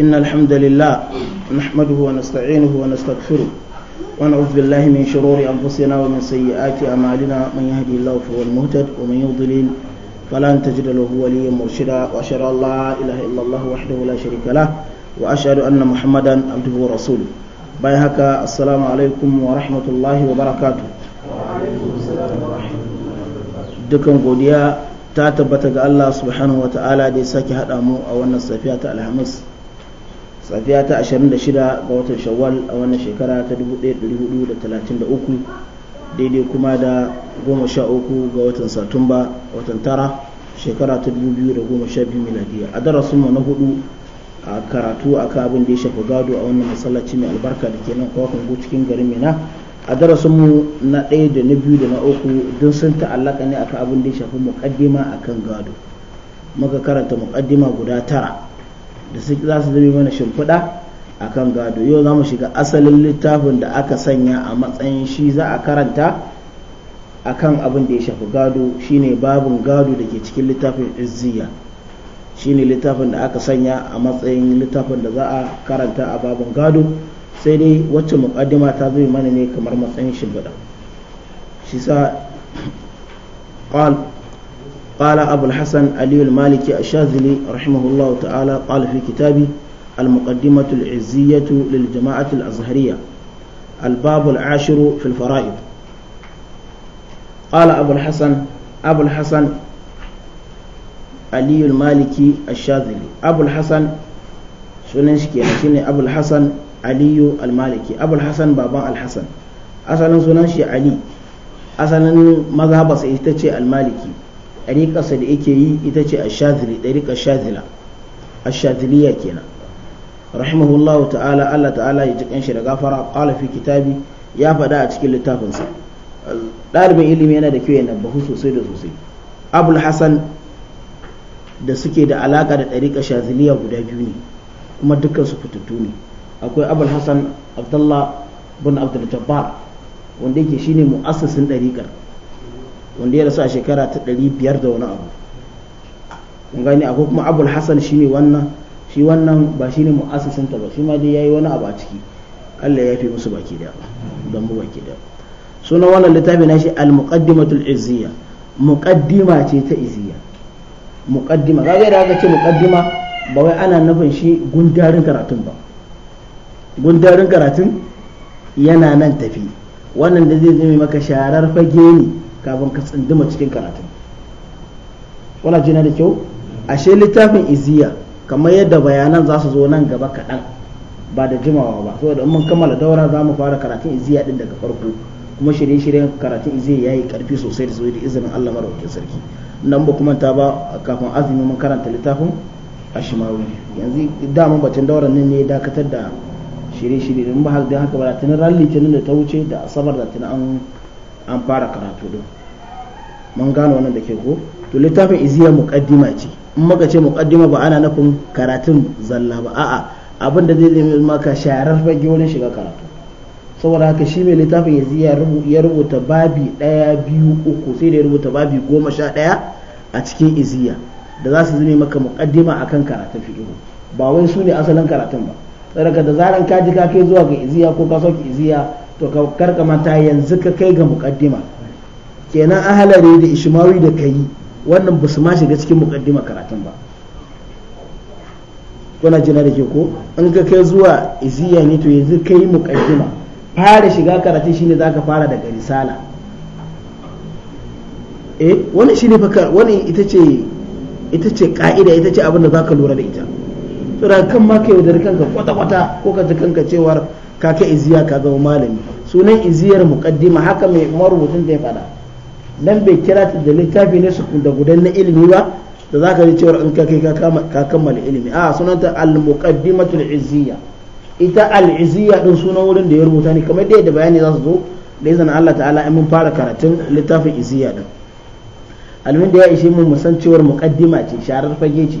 إن الحمد لله نحمده ونستعينه ونستغفره ونعوذ بالله من شرور أنفسنا ومن سيئات أعمالنا من يهدي الله فهو المهتد ومن يضلل فلن تجد له وليا مرشدا وأشهد أن لا إله إلا الله وحده لا شريك له وأشهد أن محمدا عبده ورسوله باي هكا السلام عليكم ورحمة الله وبركاته dukan godiya ta tabbata ga Allah subhanahu wa ta'ala da ya sake haɗa mu a wannan safiya ta alhamis safiya ta 26 ga watan shawwal a wannan shekara ta 1433 daidai kuma da 13 ga watan satumba watan tara shekara ta 2012 miladiya a darasin mu na hudu a karatu a abin da ya shafi gado a wannan masallaci mai albarka da ke nan ku cikin garin mina a darasin mu na ɗaya da na biyu da na uku don sun ta'allaka ne aka abin da ya shafi a akan gado muka karanta muƙaddima guda tara da za su zabi mana shimfiɗa a kan gado yau za mu shiga asalin littafin da aka sanya a matsayin shi za a karanta a kan abin da ya shafi gado shine babin gado da ke cikin littafin izziya shine littafin da aka sanya a matsayin littafin da za a karanta a babin gado sai dai wacce mukaddima ta zai mana ne kamar matsayin shimfiɗa shi sa قال أبو الحسن علي المالكي الشاذلي رحمه الله تعالى قال في كتابه المقدمة العزية للجماعة الأزهرية الباب العاشر في الفرائض قال أبو الحسن أبو الحسن علي المالكي الشاذلي أبو الحسن سننشكي شيني أبو الحسن علي المالكي أبو الحسن بابا الحسن أصلا سننشي علي أصلا مذهب سيتشي المالكي ɗariƙarsa da yake yi ita ce a ashazili ɗariƙar shazila a ashaziliya kenan rahimahullahu ta'ala Allah ta'ala ya ji shi da gafara ƙala fi kitabi ya faɗa a cikin littafinsa ɗalibin ilimi yana da kyau ya nabahu sosai da sosai abul hasan da suke da alaƙa da ɗariƙar shaziliya guda biyu ne kuma dukkan su fitattu ne akwai abul hasan abdullah bin abdul jabbar wanda yake shine mu'assasin ɗariƙar wanda ya rasu a shekara ta ɗari biyar da wani abu kun gani akwai kuma abul hasan ne wannan shi wannan ba shi ne ta ba shi ma dai yayi wani abu a ciki Allah ya fi musu baki da don mu baki da sunan wannan littafi na shi al-muqaddimatul izziya muqaddima ce ta izziya muqaddima ga da aka ce muqaddima ba wai ana nufin shi gundarin karatun ba gundarin karatun yana nan tafi wannan da zai zame maka sharar fage ne kafin ka tsinduma cikin karatun wala jina da kyau ashe littafin iziya kamar yadda bayanan za su zo nan gaba kaɗan ba da jimawa ba saboda mun kammala daura za mu fara karatun iziya din daga farko kuma shirye-shiryen karatun iziya ya yi ƙarfi sosai da zuwa da izinin allah maraukin sarki nan ba kuma ta ba kafin azumi mun karanta littafin a shimawi yanzu daman batun daura nan ne dakatar da shirye-shirye don ba haka ba da tunan ran litinin da ta wuce da asabar da tunan an an fara karatu din mun gano wannan da ke ko to littafin iziya muqaddima ce in muka ce muqaddima ba ana nufin karatun zalla ba a'a abin da zai zama maka sharar fage wurin shiga karatu saboda haka shi mai littafin iziya ya rubuta babi daya biyu uku sai da ya rubuta babi goma sha daya a cikin iziya da za su zama maka muqaddima akan karatun fiqh ba wai su ne asalin karatun ba daga da zaran ka ji ka kai zuwa ga iziya ko ka sauke iziya to ka mata yanzu ka kai ga mukaddima kenan ahalari da ishimawi da kayi wannan ba su ma shiga cikin mukaddima karatun ba kuna jina da ke ko in ka kai zuwa iziya ne to yanzu ka yi mukaddima fara shiga karatun shine ka fara daga risala eh wani ne fakar wani ita ce ita ce ka'ida ita ce abin da ka lura da ita to kan ma ka da kanka kwata kwata ko ka ji kanka cewar kaka iziya ka zama malami sunan iziyar muqaddima haka mai marubutun da ya faɗa nan bai kira ta da littafi ne su da gudan na ilimi ba da zaka ji cewa in ka kai ka kammala ilimi a sunanta al-muqaddimatul iziya ita al iziya din sunan wurin da ya rubuta ne kamar da bayani za su zo da izinin Allah ta'ala in mun fara karatun littafin iziya din almin da ya ishe mu musan cewar muqaddima ce sharar fage ce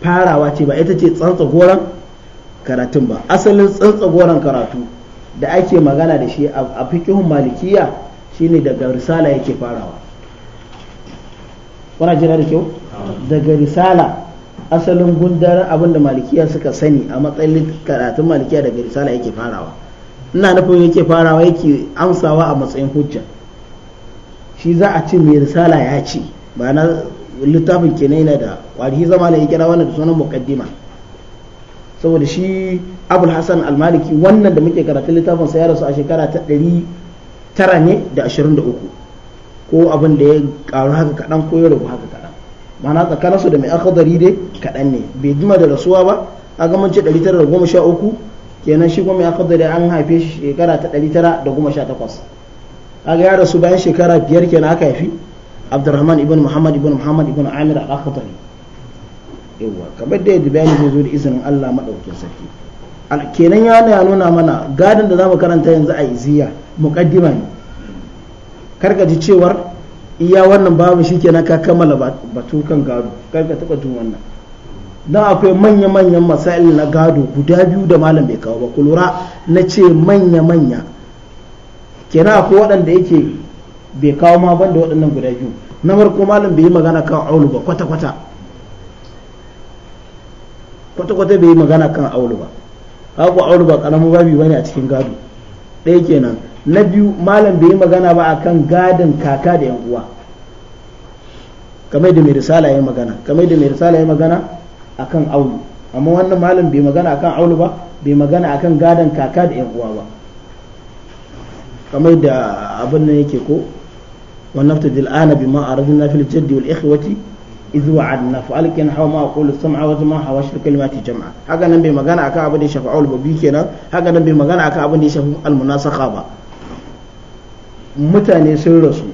farawa ce ba ita ce tsantsa goran karatun ba asalin tsantsagoran karatu da ake magana da shi a fikihun malikiya shine daga risala yake farawa kuna jira da kyau daga risala asalin gundar abinda malikiya suka sani a matsayin karatun malikiya daga risala yake farawa ina nufin yake farawa yake amsawa a matsayin hujja shi za a ci mai risala ya ce ba na littafin kenan yana da kwari zama da ya kira wani da sunan muqaddima saboda shi abul al almaliki wannan da muke karatun littafin sa ya rasu a shekara ta ɗari tara ne da ashirin da uku ko abin da ya karu haka kaɗan ko ya rabu haka kaɗan ma'ana tsakaninsu da mai akadari dai kaɗan ne bai jima da rasuwa ba a ga mance ɗari tara da goma sha uku kenan shi kuma mai akadari an haife shi shekara ta ɗari da goma sha takwas kaga ya rasu bayan shekara biyar kenan aka haifi abdulrahman ibn muhammad ibn muhammad ibn amir al-akhdari yawa kamar da yadda bayani zai zo da izinin Allah madaukakin sarki kenan ya ya nuna mana gadin da zamu karanta yanzu a iziya muqaddima ne karka ji cewar iya wannan babu shikenan ka kammala batu kan gado karka taba tun wannan dan akwai manya-manyan masail na gado guda biyu da malam bai kawo ba ku lura na ce manya-manya kenan akwai waɗanda yake bai kawo ma banda waɗannan guda biyu na farko malam bai yi magana kan aulu ba kwata-kwata kwata-kwata bai yi magana kan aulu ba haka aulu ba karamin babi bane a cikin gado ɗaya kenan na biyu malam bai yi magana ba a kan gadin kaka da yan uwa kamar da mai risala ya magana kamar da mai risala ya magana kan aulu amma wannan malam bai magana kan aulu ba bai magana a kan gadon kaka da yan uwa ba kamar da abin nan yake ko wannan ta dil'ana bi ma'aradin na fil jaddi wal ikhwati iz wa'adna fa alkin hawa ma aqulu sam'a wa zama hawa shir kalimati jama'a haka nan bai magana akan abin da ya shafi aul babi kenan haka nan bai magana akan abin da ya shafi al munasakha ba mutane sun rasu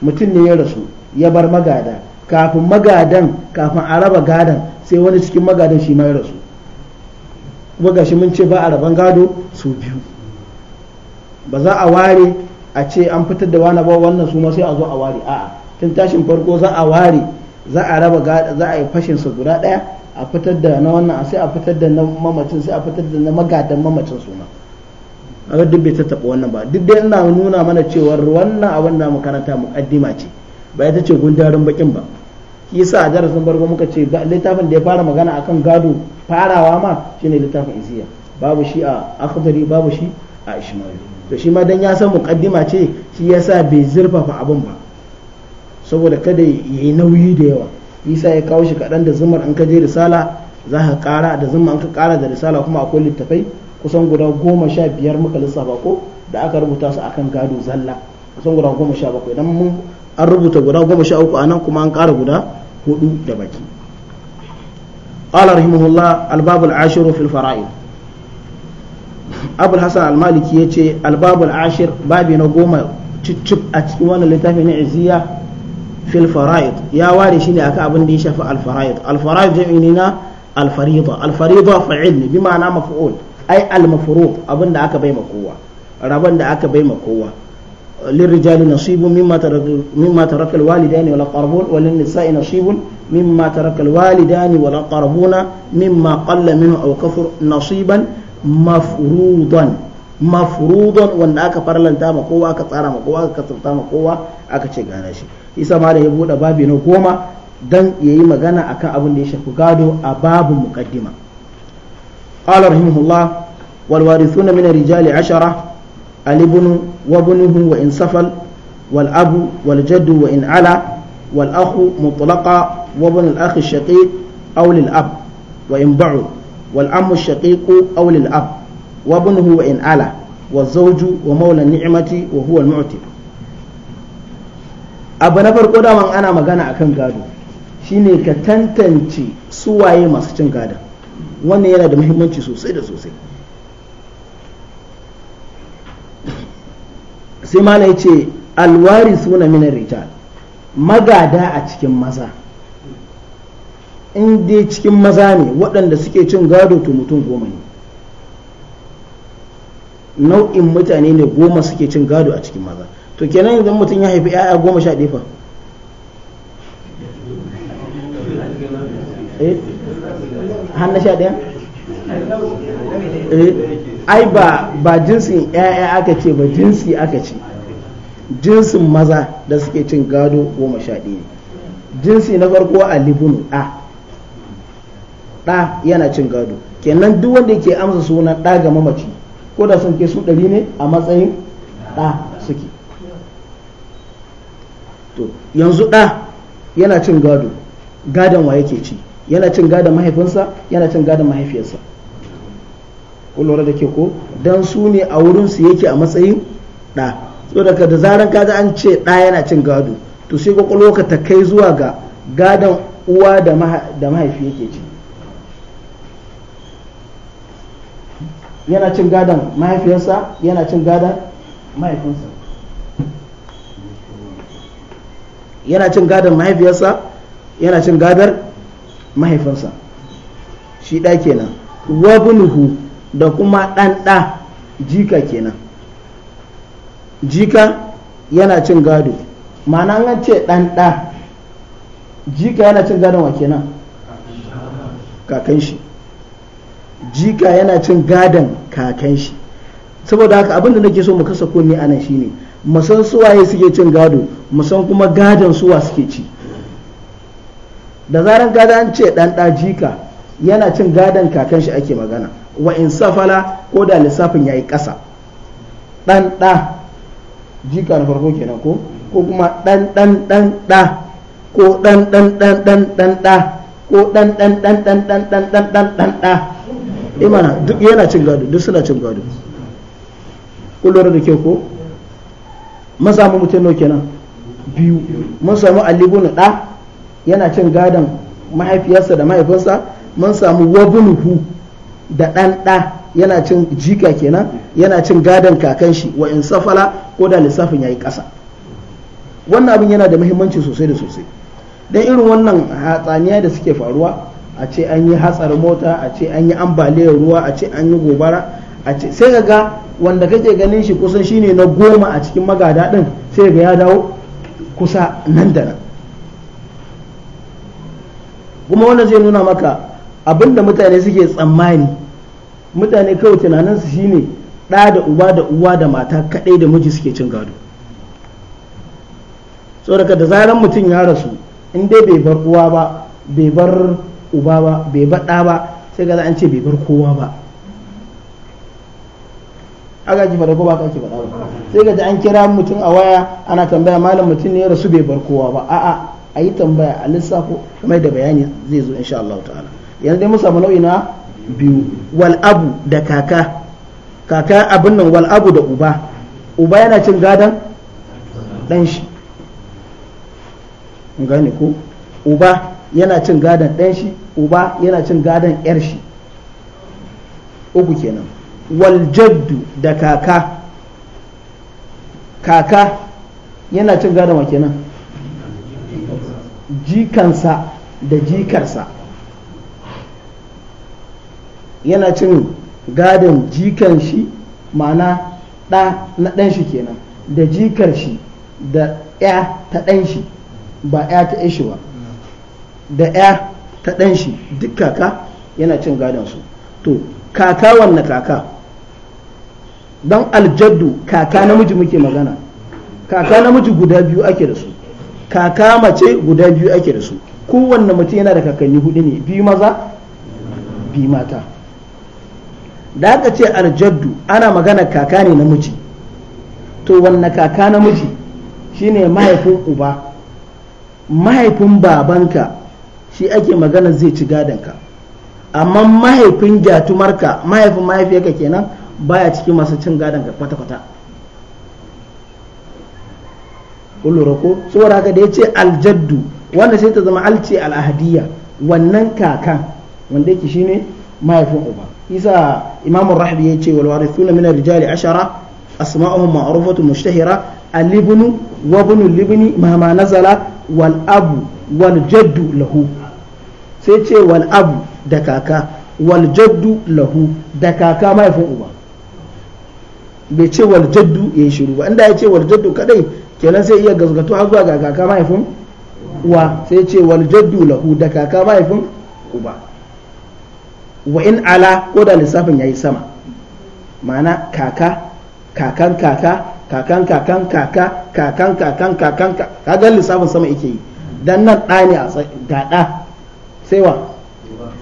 mutum ne ya rasu ya bar magada kafin magadan kafin a raba gadan sai wani cikin magadan shi ma ya rasu kuma gashi mun ce ba a raban gado su biyu ba za a ware a ce an fitar da wani ba wannan su ma sai a zo a ware a'a tun tashin farko za a ware za a raba za a yi fashin su guda daya a fitar da na wannan sai a fitar da na mamacin sai a fitar da na magadan mamacin suna a duk bai tattaɓa wannan ba duk dai yana nuna mana cewa wannan abin da makaranta mukaddima ce ba ita ce gundarin bakin ba shi yasa a darasin bargo muka ce littafin da ya fara magana akan gado farawa ma shine littafin isiya babu shi a akhdari babu shi a ishmawi to shi ma dan ya san muqaddima ce shi yasa bai zurfafa abin ba saboda kada ya yi nauyi da yawa isa ya kawo shi kaɗan da zumar an ka je risala za ka ƙara da zumar an ka ƙara da risala kuma akwai littafai kusan guda goma sha biyar muka lissafa ko da aka rubuta su akan gado zalla kusan guda goma sha bakwai idan mun an rubuta guda goma sha uku a nan kuma an ƙara guda hudu da baki قال رحمه الله الباب العاشر في الفرائض أبو الحسن المالكي يتي الباب العاشر بابي نقوم تشب أتكوانا لتافي نعزية fil ya ware shi ne akan abin da ya shafi al fara'id al fara'id jami'i ne na al farida fa'il ne bi ma'ana maf'ul ai al abin da aka bai ma kowa da aka bai ma kowa للرجال نصيب مما ترك مما ترك الوالدان والاقربون وللنساء نصيب مما ترك الوالدان والاقربون مما قل منه او كفر نصيبا مفروضا مفروضا وان اكا فرلنتا ما كوا اكا tsara ma kowa aka tsarta ma kowa aka ce gane shi isa ma da ya buɗe babi na goma dan ya yi magana akan abin da ya shafi gado a babu muqaddima qala rahimahullah wal warithuna min rijali ashara alibnu wa bunuhu wa in safal wal abu wal jaddu wa in ala wal akhu mutlaqa wa bun al akh shaqiq aw lil ab wa in ba'u wal ammu shaqiq aw lil ab wa bunuhu wa in ala wa zawju wa mawla ni'mati wa huwa abu na farko daman ana magana akan gado shine ka tantance suwaye masu cin gadon wannan yana da muhimmanci sosai da sosai sai mana ya ce alwari suna minar rijal magada a cikin maza in dai cikin maza ne waɗanda suke cin gado to mutum goma ne nau'in mutane ne goma suke cin gado a cikin maza to kenan idan mutum ya haifi 'ya'ya goma sha ɗaya fa eh? hannu sha ɗaya eh? ai ba ba jinsin 'ya'ya aka ce ba jinsi aka ce jinsin maza da suke cin gado goma sha ɗaya jinsi na farko a libun a ɗa yana cin gado kenan duk wanda ke amsa sunan ɗa ga mamaci ko da sun ke su ɗari ne a matsayin ɗa to yanzu ɗa yana cin gado gadon wa yake ci yana cin gadon mahaifinsa yana cin gadon mahaifiyarsa ku lura da ke ko dan su ne a wurinsu yake a matsayin ɗa saboda da zaran kaga an ce ɗa yana cin gado to sai kwakwalwa ka ta kai zuwa ga gadon uwa da mahaifi yake ci yana cin gadon mahaifiyarsa yana cin gadon mahaifinsa yana cin gadar mahaifiyarsa yana cin gadar mahaifinsa shi ɗa kenan wabunuhu da kuma ɗan ɗa jika kenan jika yana cin gado ma'ana an ce ɗan ɗa jika yana cin gadon wa kenan kakan shi jika yana cin gadon kakan shi saboda haka abinda nake so mu kasa kunne anan shine mu san suwaye suke cin gado mu san kuma gadon suwa suke ci da zaran gada an ce dan ɗajika yana cin gadon kakan shi ake magana wa in safala ko da lissafin yayi ƙasa dan ɗa jika na farko kenan ko ko kuma dan dan dan ɗa ko dan dan dan dan dan ɗa ko dan dan dan dan dan dan dan dan dan ɗa imana duk yana cin gado duk suna cin gado kullum da ke ko mun samu mutum nau kenan biyu mun samu na ɗa yana cin gadon mahaifiyarsa da mahaifinsa mun samu wabunuhu da ɗan ɗa yana cin jika kenan yana cin gadon kakan shi wa in safala ko da lissafin ya yi ƙasa wannan abin yana da muhimmanci sosai da sosai don irin wannan hatsaniya da suke faruwa a ce an yi hatsar mota a ce an yi ambaliyar ruwa a ce an yi gobara a ce sai ga wanda kake ganin shi kusan shine na goma a cikin magada din sai ga ya dawo kusa nan da nan kuma wannan zai nuna maka abinda mutane suke tsammani mutane kawai tunaninsu shine ɗa da uba da uwa da mata kaɗai da miji suke cin gado saboda da zaran mutum ya rasu in dai bai bar uwa ba bai bar uba ba bai bar ɗa ba sai ga an ce bai bar kowa ba aga ji ko ba ka sai ga an kira mutum a waya ana tambaya malam mutum ne ya rasu bai bar kowa ba a'a a yi tambaya a lissafo kamar da bayani zai zo insha Allah ta'ala yanzu dai mun samu nau'i na biyu wal abu da kaka kaka abin nan wal abu da uba uba yana cin gadan dan shi gane ko uba yana cin gadan dan shi uba yana cin gadan yar shi uku kenan wal jaddu da kaka kaka yana cin gadon kenan jikansa da jikarsa yana cin gadon jikan shi ma'ana ɗa na ɗan shi kenan da jikar shi da ya ta ɗan shi ba ya ta shi ba da ya ta ɗan shi duk kaka yana cin gadon su to kaka wanne kaka don aljaddu kaka namiji muke magana kaka namiji guda biyu ake da su kaka mace guda biyu ake da su kowanne mutum yana da kakanni hudu ne biyu maza biyu mata da aka ce aljaddu ana magana kaka ne namiji to wanne kaka namiji shine mahaifin uba mahaifin babanka shi ake magana zai ci gadonka amma mahaifin gyatumarka mahaifin mahaifiyarka kenan baya cikin masu cin gadon ka kwata-kwata kullura ko saboda haka da ya ce aljaddu wannan sai ta zama alci al'ahadiyya wannan kakan wanda yake shine mahaifin uba isa imamun rahabi ya ce walwari suna minar rijali ashara asma'uhum ma'arufatu mushtahira al-ibnu wa ibnu libni ma nazala wal abu wal jaddu lahu sai ce wal abu da kaka wal jaddu lahu da kaka mahaifin uba bai ce waljaddu ya yi shiru ba inda ya ce waljaddu kadai kenan sai iya gazgato har zuwa ga kaka mahaifin uwa sai ce waljaddu lahu da kaka mahaifin uba wa in ala ko da lissafin ya yi sama ma'ana kaka kakan kaka kakan kakan kaka kakan kakan kakan kaga lissafin sama yake yi dan nan ɗa ne a ga ɗa sai wa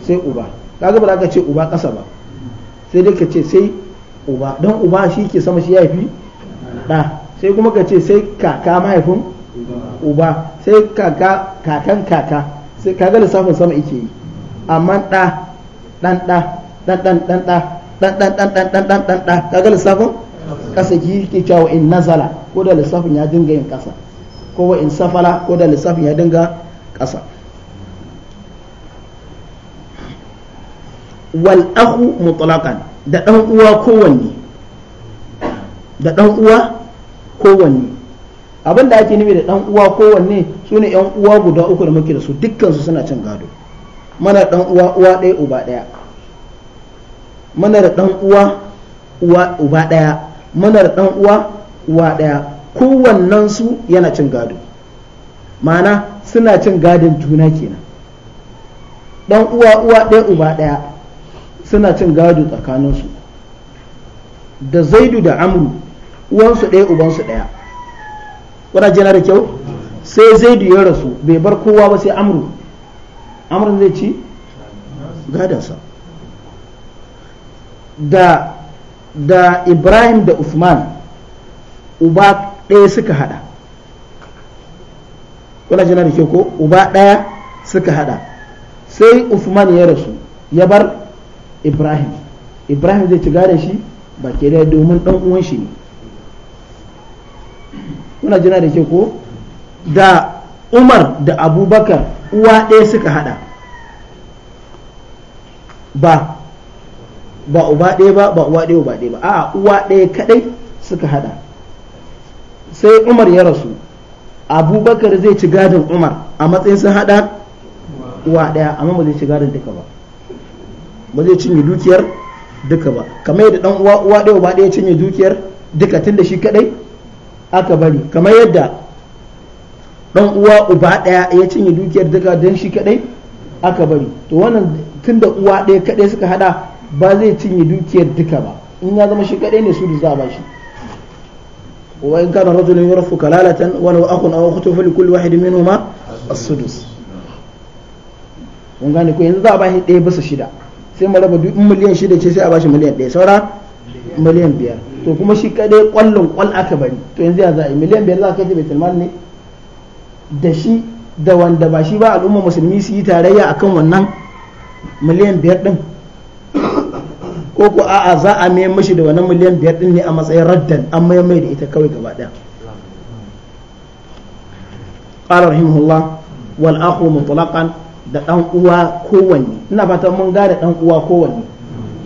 sai uba kaga ba za ka ce uba ƙasa ba sai dai ka ce sai uba don uba shi ke sama shi ya haifi ɗa sai kuma ka ce sai kaka mahaifin uba sai kaka kakan kaka sai kaga lissafin sama ike yi amma ɗa ɗan ɗa ɗan ɗan ɗan ɗa ɗan ɗan ɗan ɗan ɗan ɗan ɗan ɗa kaga lissafin ƙasa ki ke cewa in nazala ko da lissafin ya dinga yin ƙasa ko wa in safala ko da lissafin ya dinga ƙasa wal akhu mutlaqan da ɗan uwa kowanne da ɗan uwa kowanne abin da ake nufi da ɗan uwa kowanne su ne ‘yan uwa guda uku da muke da su dukkansu suna cin gado mana ɗan uwa uwa ɗaya uba ɗaya mana da ɗan uwa uwa uba ɗaya mana da ɗan uwa uwa ɗaya su yana cin gado ma'ana suna cin gadon juna kenan ɗan uwa uwa ɗaya uba ɗaya suna cin gado tsakaninsu da zaidu da amru uwansu ɗaya ubansu ɗaya jina da kyau sai zaidu ya rasu bai bar kowa ba sai amru amru zai ci gadansa da da ibrahim da usman uba ɗaya suka hada kuna jina da kyau ko uba ɗaya suka hada sai usman ya rasu ya bar ibrahim ibrahim zai ci gada shi ba ke dai domin dan uwan shi ne kuna jina da ke ko da umar da abubakar uwa ɗaya suka hada ba ba uba ɗaya ba ba uwa ɗaya uba ɗaya ba a uwa ɗaya kadai suka hada sai umar ya rasu abubakar zai ci gadin umar a matsayin sun hada uwa ɗaya amma ba zai ci gadin duka ba ba zai cinye dukiyar duka ba kamar yadda dan uwa uwa ɗaya ba ɗaya cinye dukiyar duka tun da shi kadai aka bari kamar yadda dan uwa uba ɗaya ya cinye dukiyar duka don shi kadai aka bari to wannan tun da uwa ɗaya kadai suka hada ba zai cinye dukiyar duka ba in ya zama shi kadai ne su da za a bashi wa in kana rajulun yurafu kalalatan wa law akhun aw ukhtun fa likulli wahidin minhuma as-sudus kun gane ko yanzu za a bashi ɗaya bisa shida sai mu raba duk miliyan shida ce sai a bashi miliyan ɗaya saura miliyan biyar to kuma shi kadai kwallon kwal aka bari to yanzu ya za a yi miliyan biyar za a kai ta baitul mal ne da shi da wanda ba shi ba al'umma musulmi su yi tarayya akan wannan miliyan biyar din ko ko a'a za a mayar mashi da wannan miliyan biyar din ne a matsayin raddan an mayar mai da ita kawai gaba daya قال رحمه الله والأخ مطلقا da ɗan uwa kowanne ina fata mun gane ɗan uwa kowanne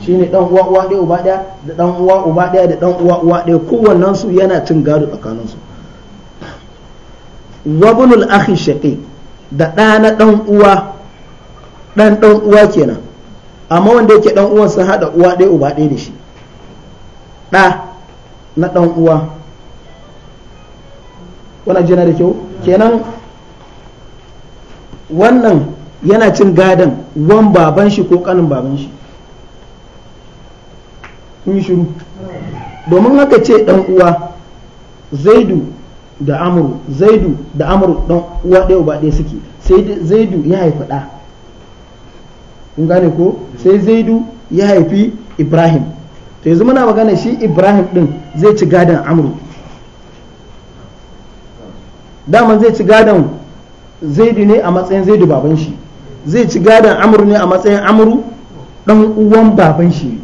shine ɗan uwa uwa ɗaya uba ɗaya da ɗan uwa uba ɗaya da ɗan uwa uwa ɗaya kowannen su yana cin gado tsakanin su wabnul akhi shaqi da ɗa na ɗan uwa ɗan ɗan uwa kenan amma wanda yake ɗan uwan sun haɗa uwa ɗaya uba ɗaya da shi ɗa na ɗan uwa wannan jina da kyau kenan wannan yana cin gadon wan baban shi ko kanin baban shi kun shiru domin haka ce dan uwa zaidu da amuru zaidu da amuru dan uwa ɗaya uba ɗaya suke sai zaidu ya haifi ɗa kun gane ko sai zaidu ya haifi ibrahim to yanzu muna magana shi ibrahim din zai ci gadon amuru daman zai ci gadon zaidu ne a matsayin zaidu baban shi zai ci gadon amur ne a matsayin amuru dan uwan baban shi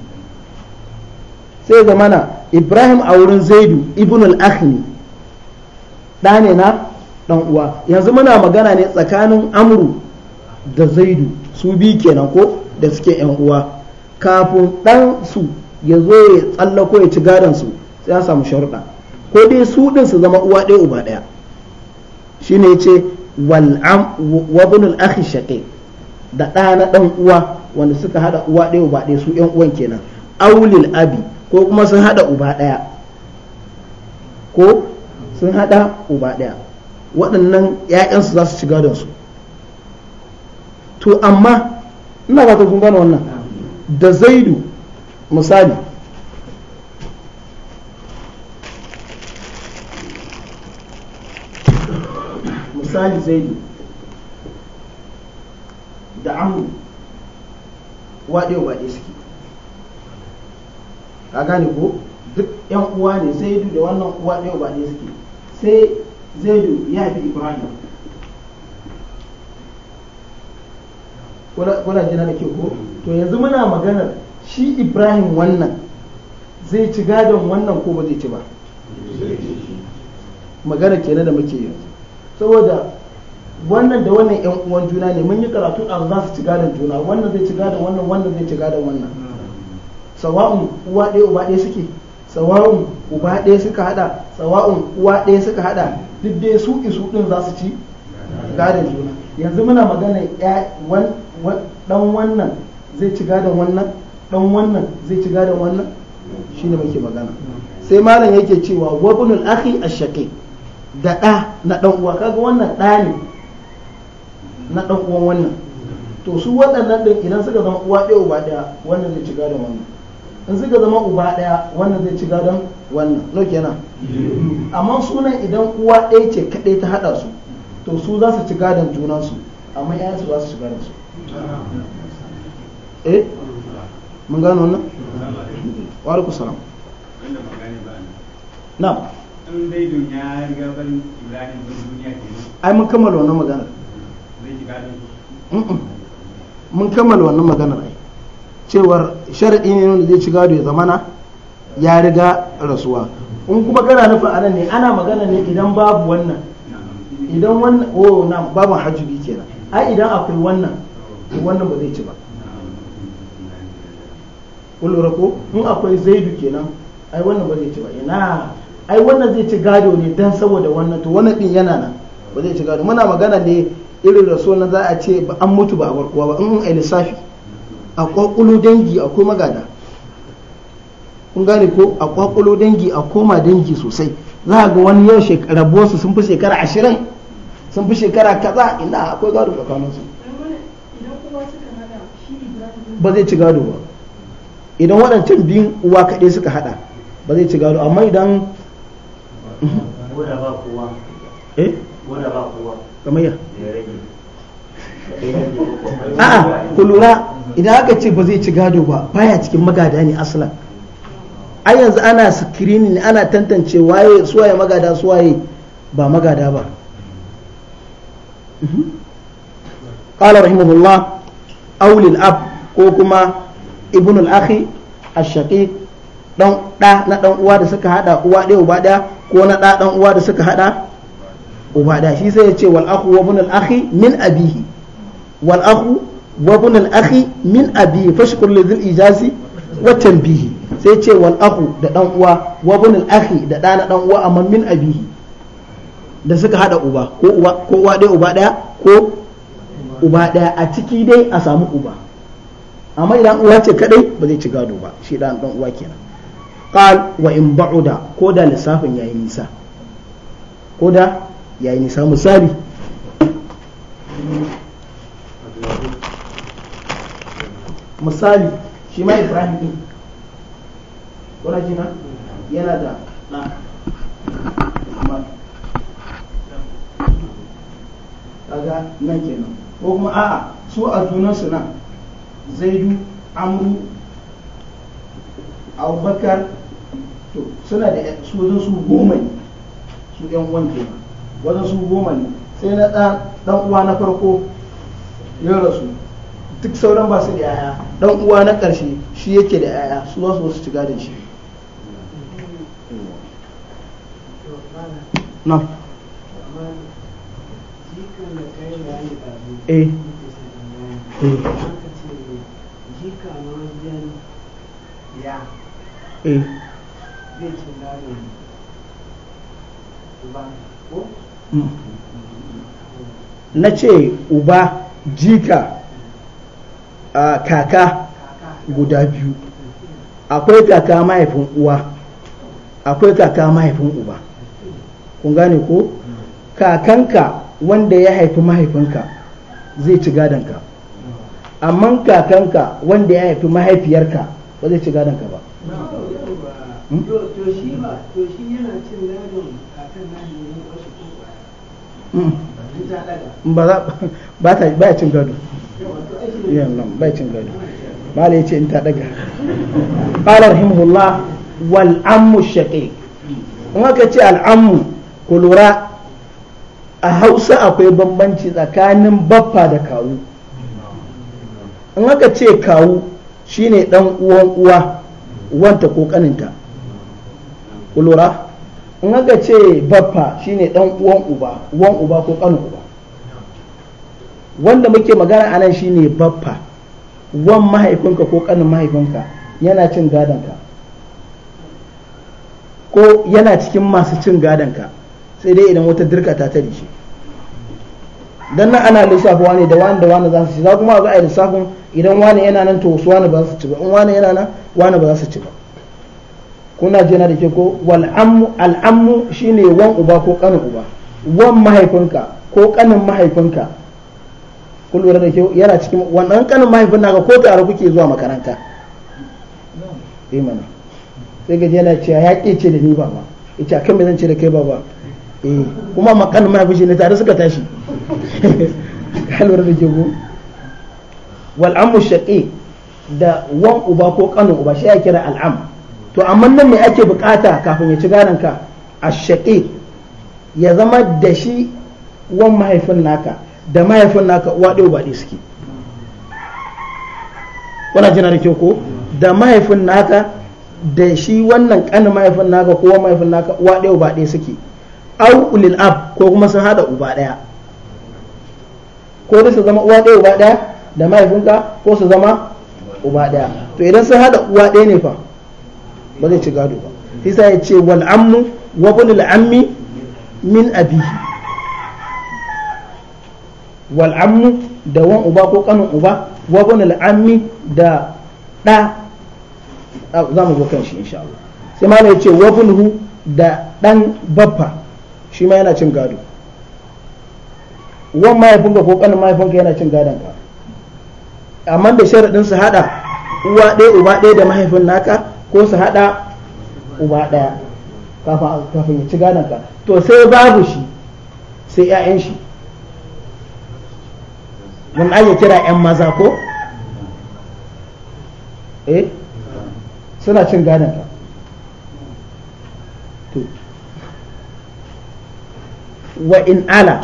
sai ga mana ibrahim a wurin zaidu ibn al-akhni da ne na dan uwa yanzu muna magana ne tsakanin amuru da zaidu su bi kenan ko da suke yan uwa kafin dan su ya zo ya tsallako ya ci gadon su sai an samu sharuɗa ko dai su din su zama uwa ɗaya uba ɗaya shine yace ce wal'am wa da ɗa na ɗan uwa wanda suka haɗa uwa ɗaya uba ɗaya su ƴan uwan kenan aulil abi ko kuma sun haɗa uba ɗaya ko sun haɗa uba ɗaya waɗannan ‘ya'yansu za su ci su, to amma ina ba ta kun gane wannan da zaidu misali misali zaidu da amu waɗewa ba ɗaya suke a gane ko duk yan uwa ne sai zaidu da wannan uwa ɗaya ba ɗaya suke sai zaidu ya fi ibrahim kuna jina da ke ko to yanzu muna maganar shi ibrahim wannan zai ci gadon wannan ko ba zai ci ba magana kenan da muke yanzu saboda wannan da wannan yan uwan juna ne mun yi karatu a za su ci gadon juna wannan zai ci gadon wannan wannan zai ci gadon wannan sawa'un uwa ɗaya uba ɗaya suke sawa'un uba ɗaya suka hada sawa'un uwa ɗaya suka hada duk dai su isu din za su ci gadon juna yanzu muna magana dan wannan zai ci gadon wannan dan wannan zai ci gadon wannan shine muke magana sai malam yake cewa wabnul akhi ash-shaqiq da ɗa na ɗan uwa kaga wannan ɗa ne na ɗan uwan wannan to su waɗannan ɗin idan suka zama uwa ɗaya uba ɗaya wannan zai ci gadon wannan in suka zama uba ɗaya wannan zai ci gadon wannan no kenan amma sunan idan uwa ɗaya ce kaɗai ta haɗa su to su za su ci gadon junansu amma su za su ci gadon su eh mun gano wannan wa alaikum salam na'am in zaidun ya riga ibrahim duniya kenan ai mun kammala wannan maganar mun kammala wannan maganar ai cewar shari'i ne wanda zai ci gado ya zamana ya riga rasuwa in kuma kana a nan ne ana magana ne idan babu wannan idan wannan oh na babu hajjubi kenan ai idan akwai wannan wannan ba zai ci ba kullura ko in akwai zaidu kenan ai wannan ba zai ci ba ina ai wannan zai ci gado ne dan saboda wannan to wannan din yana nan ba zai ci gado muna magana ne irin rasuwa na za a ce an mutu ba a barkuwa ba in a lissafi a kwakulo dangi akwai magada kun gane ko a kwakulo dangi a koma dangi sosai za a ga wani yau rabuwarsu sun fi shekara ashirin sun fi shekara kaza ina akwai gado tsakanin su ba zai ci gado ba idan waɗancan biyun uwa kaɗai suka haɗa ba zai ci gado amma idan ba kowa eh? kamar ya a'a ku lura idan aka ce ba zai ci gado ba baya cikin magada ne aslan ai yanzu ana screening ana tantance waye suwaye magada suwaye ba magada ba قال mhm. aulil ab ko kuma كوكما ابن الأخ الشقيق دون na uwa da suka hada uwa ɗaya uba ɗaya ko na da dan uwa da suka hada uba da shi sai ya ce wal akhu wa bunul akhi min abihi wal akhu wa bunul akhi min abihi fashkur lidhil ijazi wa tanbihi sai ce wal akhu da dan uwa wa bunul akhi da dana dan uwa amma min abihi da suka hada uba ko uba ko uwa dai uba daya ko uba daya a ciki dai a samu uba amma idan uwa ce kadai ba zai ci gado ba shi dan dan uwa kenan qal wa in ba'uda ko da lissafin yayi nisa ko da ya yi nisa misali misali shi ma ibrahim ɗin kuna jina yana da na kaga nan kenan ko kuma a'a su a junansu nan zaidu amru abubakar to suna da su zan su goma ne su yan wanke kenan wajen su goma ne sai na ɗan uwa na farko ya rasu duk sauran ba su da yaya ɗan uwa na ƙarshe shi yake da yaya su za su su ci shi na eh eh, eh. eh. na ce uba jika a kaka guda biyu akwai kaka mahaifin uwa akwai kaka mahaifin uba kun gane ko kakanka wanda ya haifi mahaifinka zai ci gadonka amma kakanka wanda ya haifi mahaifiyarka ba zai ci gadonka ba hmm? to shi yana cin gadon kakan Hmm. ba za ba ta ba cin gado yamman ba cin gado ba la yace in ta daga qala rahimahullah wal ammu shaqiq in aka ce al ammu ku a Hausa akwai bambanci tsakanin baffa da kawu in aka ce kawu shine dan uwan uwa wanta ko kaninta kulura. in aka ce baffa shine dan uwan uba uwan uba ko kanin uba wanda muke magana a nan shine baffa wan mahaifinka ko kanin mahaifinka yana cin gadonka ko yana cikin masu cin gadonka sai dai idan wata dirka ta tare shi dan nan ana lissafawa ne da wani da wani za su ci za kuma ga a lissafin idan wani yana nan to wasu wani ba za su ci ba in wani yana nan wani ba za su ci ba kuna jina da ke ko wal ammu al ammu shine wan uba ko kanin uba wan mahaifinka ko kanin mahaifinka kun lura da ke yana cikin wannan kanin mahaifin naka ko tare kuke zuwa makaranta imana eh sai gaji yana cewa ya ce da ni baba yace akan me zan ce da kai baba eh kuma makanin mahaifin shi ne tare suka tashi ka lura da ke ko wal ammu shaqi da wan uba ko kanin uba shi ya kira al ammu to amma nan me ake bukata kafin ya ci gadon ka ashaƙi ya zama da shi wan mahaifin naka da mahaifin naka uwa ɗaya ɗi suke wana jina da kyau ko da mahaifin naka da shi wannan ƙanin mahaifin naka ko mahaifin naka uwa ɗaya ɗi suke au ulil ab ko kuma sun hada uba ɗaya ko da su zama uwa ɗaya uba ɗaya da mahaifinka ko su zama uba ɗaya to idan sun hada uwa ɗaya ne fa ba zai ci gado ba isa ya ce wal ammu wa bunul ammi min abihi wal ammu da wan uba ko kanin uba wa bunul ammi da da za mu zo kan shi insha Allah sai ma ya ce wa da dan babba shi ma yana cin gado wan mahaifinka ko kanin mahaifinka yana cin gadon ka amma da sharadin su haɗa uwa ɗaya uba ɗaya da mahaifin naka ko su haɗa uba ɗaya kafin ya ci gadon ka to sai babu shi sai 'ya'yan shi mun ake kira 'yan maza ko eh suna cin gadon ka wa in ala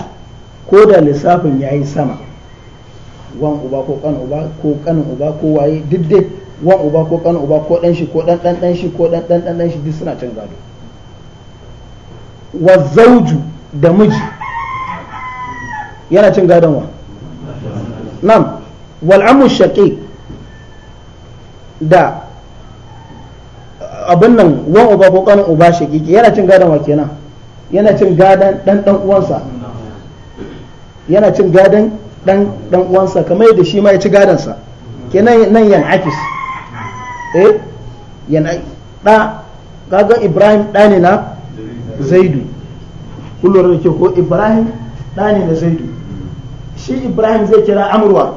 ko da lissafin ya yi sama wan uba ko kan uba ko kanin uba ko waye duk wa uba ko kan uba ko dan shi ko dan dan dan shi ko dan dan dan dan shi duk suna cin gado wa zawju da miji yana cin gadon wa nam wal amu shaqi da abin nan wan uba ko kan uba shaqiqi yana cin gadon wa kenan yana cin gadon dan dan uwansa yana cin gadon dan dan uwansa kamar yadda shi ma ya ci gadon sa kenan nan yan akis eh yana da kaga ibrahim da ne na zaidu kullum da ke ko ibrahim da ne na zaidu shi ibrahim zai kira amurwa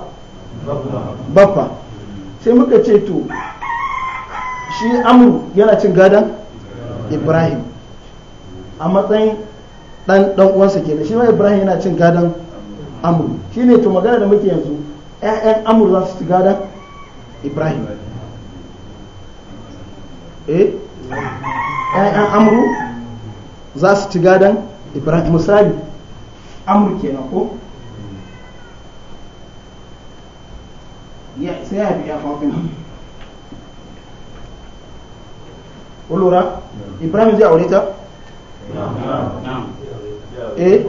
baffa sai muka ce to shi amur yana cin gadon ibrahim a matsayin dan dan uwansa kenan shi ma ibrahim yana cin gadon amur shine to magana da muke yanzu ƴaƴan amur za su ci gadon ibrahim eh ƴaƴan amru za su ci gadon ibrahim misali amru kenan ko sai ya biya fatima ƙulura ibrahim zai aure ta eh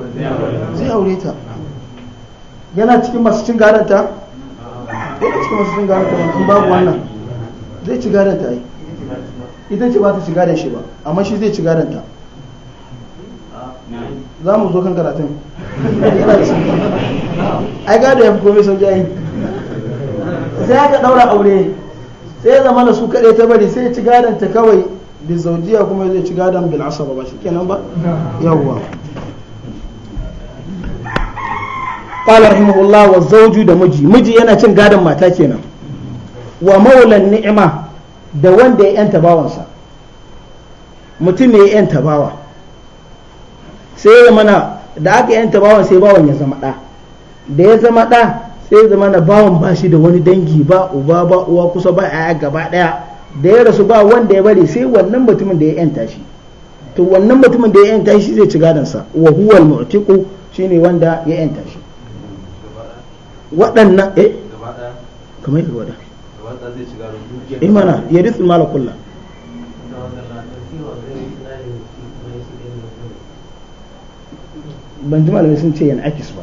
zai aure ta yana cikin masu cin gadon ta yana cikin masu cin gadon ta in babu wannan zai ci gadon ta yi ita ce ba ta shiga da shi ba amma shi zai shiga da ta za mu zo kan karatun ai gada ya fi komai sauki ai sai aka daura aure sai ya zama su kaɗai ta bari sai ya ci gadon ta kawai bi zaujiya kuma zai ci gadon bil asaba ba shikenan ba yawwa قال رحمه الله والزوج da miji miji yana cin gadon mata kenan wa maulan ni'ima da wanda ya yanta bawansa mutum ne ya yanta bawa sai ya mana da aka yanta bawan sai bawan ya zama ɗa da ya zama ɗa sai ya zama na bawan ba shi da wani dangi ba uba ba uwa kusa ba yaya gaba ɗaya da ya rasu ba wanda ya bari sai wannan mutumin da ya yanta shi to wannan mutumin da ya yanta shi zai ci gadansa wa huwal mutiqu shine wanda ya yanta shi waɗannan eh kamar yadda imana eh, ya ritsu mala kulla ban ji malamai sun ce yan akis ba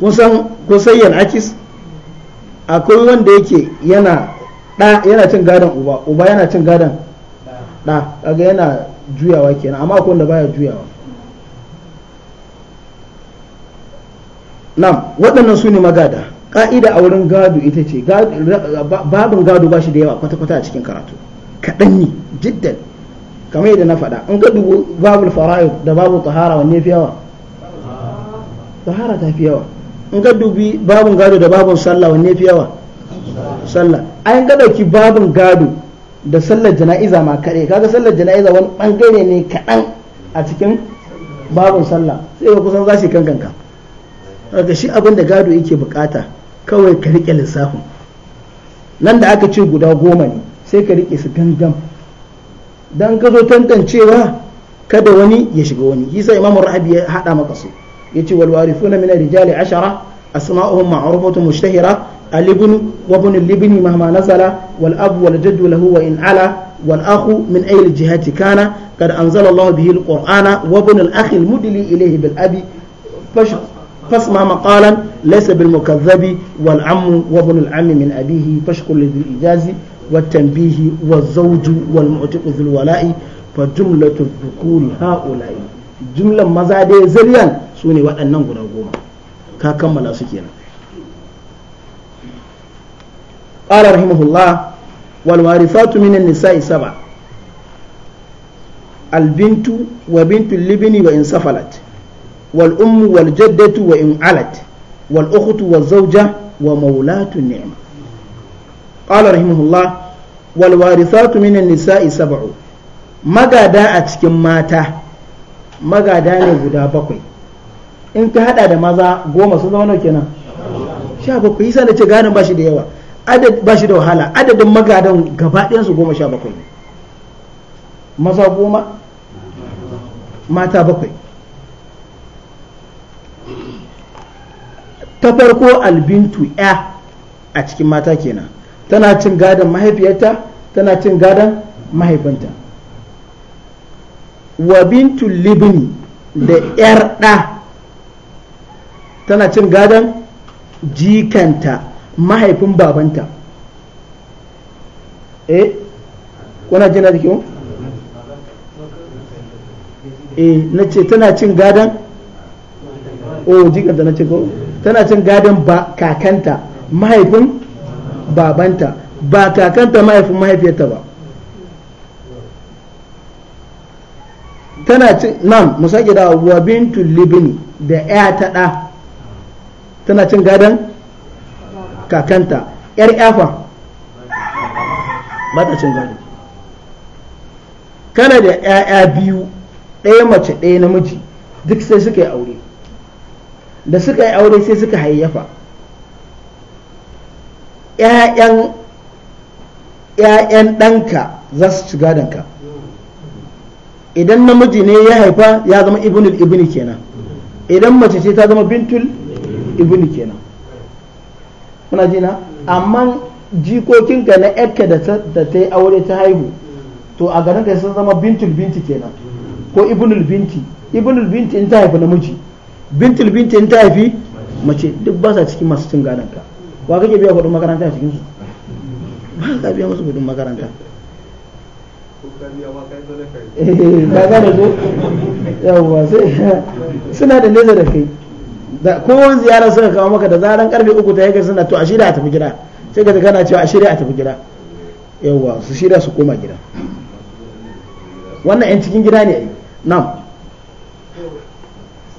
kusan kusan yan akis akwai wanda yake yana da yana cin gadon uba uba yana cin gadon da kaga yana juyawa kenan amma akwai wanda baya juyawa na waɗannan su ne magada ka'ida a wurin gado ita ce babin gado ba shi da yawa kwata-kwata a cikin karatu kaɗan ne jiddan kamar yadda na faɗa in ga dubu babul fara'id da babu tahara wanne fi yawa tahara ta fi yawa in ga dubi babin gado da babin sallah wanne fi yawa sallah an ga dauki babin gado da sallar jana'iza ma kaɗai kaga sallar jana'iza wani bangare ne kaɗan a cikin babin sallah sai ka kusan za shi kankanka daga shi abin da gado yake bukata kawai ka rike lissafin nan da aka ce guda goma ne sai ka rike su gangan dan ka zo tantancewa kada wani ya shiga wani yasa imam rahabi ya hada maka su yace wal warithuna min rijali ashara asma'uhum ma'rufatun mushtahira al-ibn wa ibn al-ibn mahma nazala wal ab wal jadd lahu wa in ala wal akhu min ay jihati kana kada anzala Allah bihi al-qur'ana wa ibn al-akhi al-mudli ilayhi bil abi fasma maqalan laysa bil mukazzabi wal ammu wa ibn al ammi min abihi fashkur lil ijazi wat tanbihi wal zawj wal mu'tiqu dhul wala'i fa jumlatu dhukuri ha'ula'i jumlan maza dai sune waɗannan guda goma ka kammala su kenan قال رحمه الله والوارثات من النساء سبع البنت وبنت الابن وإن سفلت والأم والجدة وإن علت wal ukhtu wal zawja wa maulatu ni'ma qala rahimahullah wal warithatu minan nisa'i sab'u magada a cikin mata magada ne guda bakwai in ka hada da maza goma sun zama kenan sha bakwai yasa da ce ganin bashi da yawa adad bashi da wahala adadin magadan gaba ɗayan goma sha bakwai ne maza goma mata bakwai ta farko albintu ya a cikin mata kenan tana cin gadon mahaifiyarta tana cin gadon mahaifinta wa bintu libni da yar da tana cin gadon jikanta mahaifin babanta eh kuna jina da kyau eh na ce tana cin gadon oh jikanta na ce ko tana cin gadon ba kakanta mahaifin babanta ba kakanta mahaifin mahaifiyarta ba tana cin nan musaki da wa bintu libini da ya ta ɗa tana cin gadon kakanta yar yafa ba ta cin gado kana da 'ya'ya biyu ɗaya mace ɗaya namiji duk sai suka yi aure da suka yi aure sai suka hayyafa ‘ya'yan ɗanka za su ci gadonka idan namiji ne ya haifa ya zama ibnul ibni kenan idan mace ce ta zama bintul ibni kenan muna jina amma jikokinka na yadda da ta yi aure ta haihu to a ganin ka sun zama bintul binti kenan ko ibnul binti ibnul binti in ta haifa namiji bintul bintin ta haifi mace duk ba sa cikin masu cin gadon ka wa kake biya kudin makaranta a cikin su ba ka biya musu kudin makaranta eh, ka gane ko yawwa sai suna da nesa da kai da kowan ziyarar suka kawo maka da zaran karfe uku ta yaga suna to a shirya a tafi gida sai ka kana cewa a shirya a tafi gida yawwa su shirya su koma gida wannan yan cikin gida ne ai na'am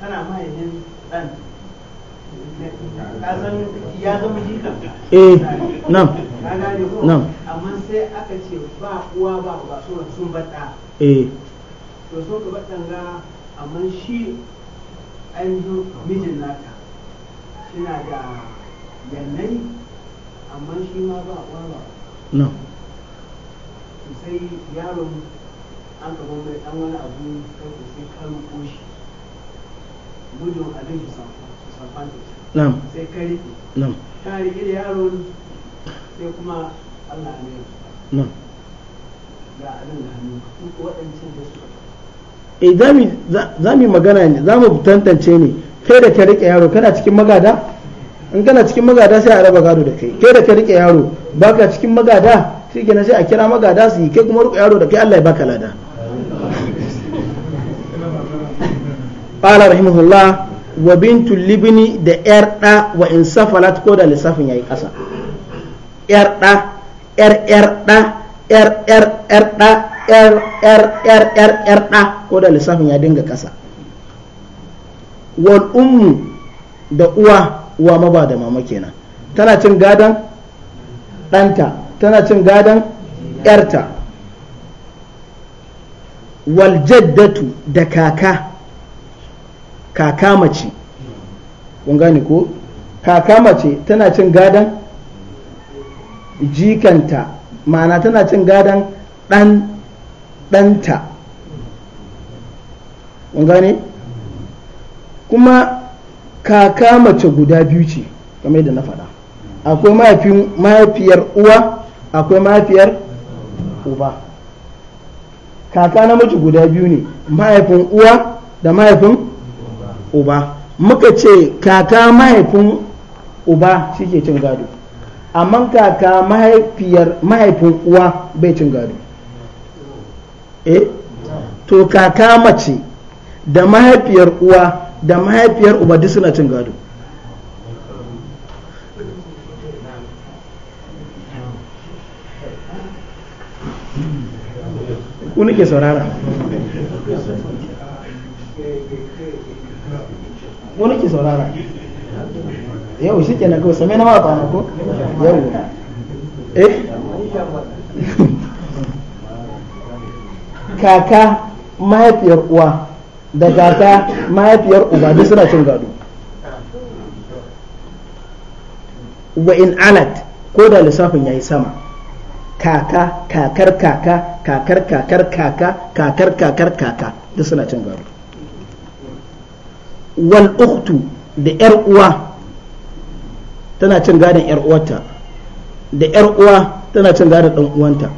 kana mahaifin ɗan kasan ya zama jikan eh nan nan amma sai aka ce ba uwa ba ba so sun bada eh to so ka badan ga amma shi ainihin mijin naka suna da yannai amma shi ma ba uwa ba nan sai yaron an ka mai dan wani abu sai ka sai ka ruko shi gudun abin su samu sai ka riƙe ka riƙe yaro sai kuma Allah ne ga abin da hannu ko waɗancan da suka eh, za mu magana ne za mu tantance ne kai da ka riƙe yaro kana cikin magada in kana cikin magada sai a raba gado da kai kai da ka riƙe yaro baka cikin magada shi kenan sai a kira magada su yi kai kuma riƙe yaro da kai Allah ya baka lada qala rahimahullah wa bintu libni da yar da wa in safalat ko da lissafin yayi kasa yar da yar yar da yar ko da lissafin ya dinga kasa wal da uwa uwa maba da mama kenan tana cin gadon ɗanta tana cin gadon ‘yarta Waljaddatu da kaka kaka mace kun gane ko kaka mace tana cin gadon jikanta ma'ana tana cin gadon dan danta kun gane kuma kaka mace guda biyu ce kamar yadda na faɗa akwai mahaifiyar uwa akwai mahaifiyar uba kaka namiji guda biyu ne mahaifin uwa da mahaifin uba muka ce kaka mahaifin uba shi ke cin gado amma kaka mahaifiyar mahaifin uwa bai cin gado eh to kaka mace da mahaifiyar uwa da mahaifiyar uba duk suna cin gado ku nake saurara ko nake saurara yau shi kenan kawai same na ma ba ko yau eh kaka mahaifiyar uwa da kaka mahaifiyar uba duk suna cin gado wa in alat ko da lissafin yayi sama kaka kakar kaka kakar kakar kaka kakar kakar kaka duk suna cin gado wal uktu da yar uwa tana cin gadon yar uwarta da yar uwa tana cin gadin dan uwanta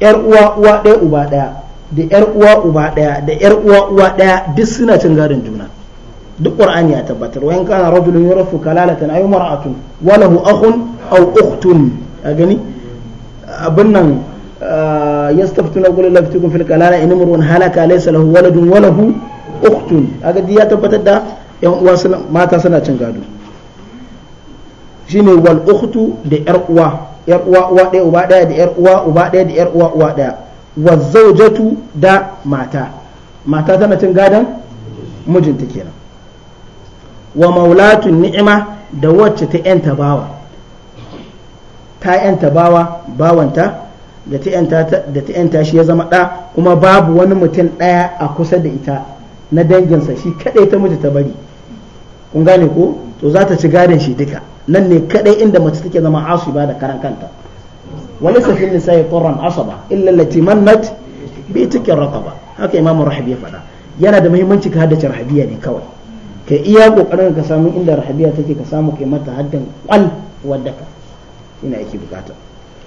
yar uwa uwa ɗaya uba ɗaya da yar uwa uba ɗaya da yar uwa uwa ɗaya duk suna cin gadin juna duk qur'ani ya tabbatar wa in kana rajulun yurafu kalalatan ay mar'atun wa lahu akhun aw ukhtun a gani abin nan ah, yastaftuna qul laftukum fil kalala in imrun halaka laysa lahu waladun wa lahu uktun aga ya tabbatar da yan uwa mata suna cin gado shine wal uktu da yar uwa yar uwa uwa daya uba daya da yar uwa uba daya da yar uwa uwa daya wa zawjatu da mata mata tana cin gadon mijinta kenan wa maulatu ni'ima da wacce ta yanta bawa ta yanta bawa bawanta da ta yanta shi ya zama da kuma babu wani mutum ɗaya a kusa da ita na danginsa shi kadai ta mutu ta bari kun gane ko to za ta ci gadin shi duka nan ne kadai inda mace take zama ba da karan kanta wani safin nisa ya turran asaba illa lati mannat bi tikin ba haka imamu rahabi ya faɗa yana da muhimmanci ka haddace rahabiya ne kawai ka iya kokarin ka samu inda rahabiya take ka samu kai mata haddan kwal wadda ka ina yake bukata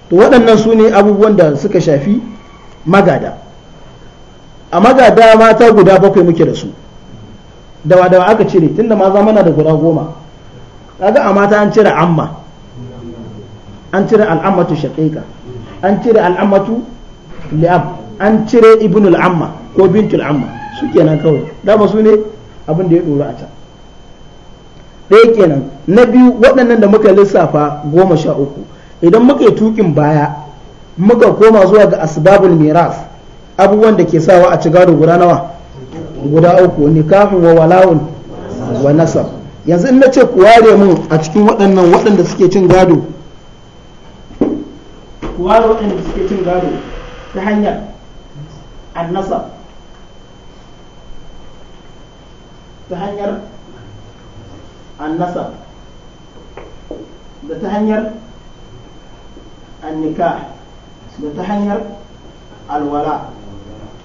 to waɗannan su ne abubuwan da suka shafi magada A magada mata guda bakwai muke da su dawa dawa aka cire tunda maza mana da guda goma kaga a mata an cire amma an cire al'ammatu shaqiqa an cire al'ammatu li'ab an cire ibnul al'amma ko bintu al'amma su kenan kawai dama su ne abin da ya dora a can ɗaya kenan na biyu waɗannan da muka lissafa goma sha uku idan muka yi tukin baya muka koma zuwa ga asbabul miras abubuwan da ke sawa a ci gado guda nawa guda uku nikahun wa walawun wa nasab yanzu in na ce ku ware mun a cikin waɗannan waɗanda suke cin gado ku ware waɗanda suke cin gado ta hanyar annasab ta hanyar annasab da ta hanyar annika da ta hanyar alwala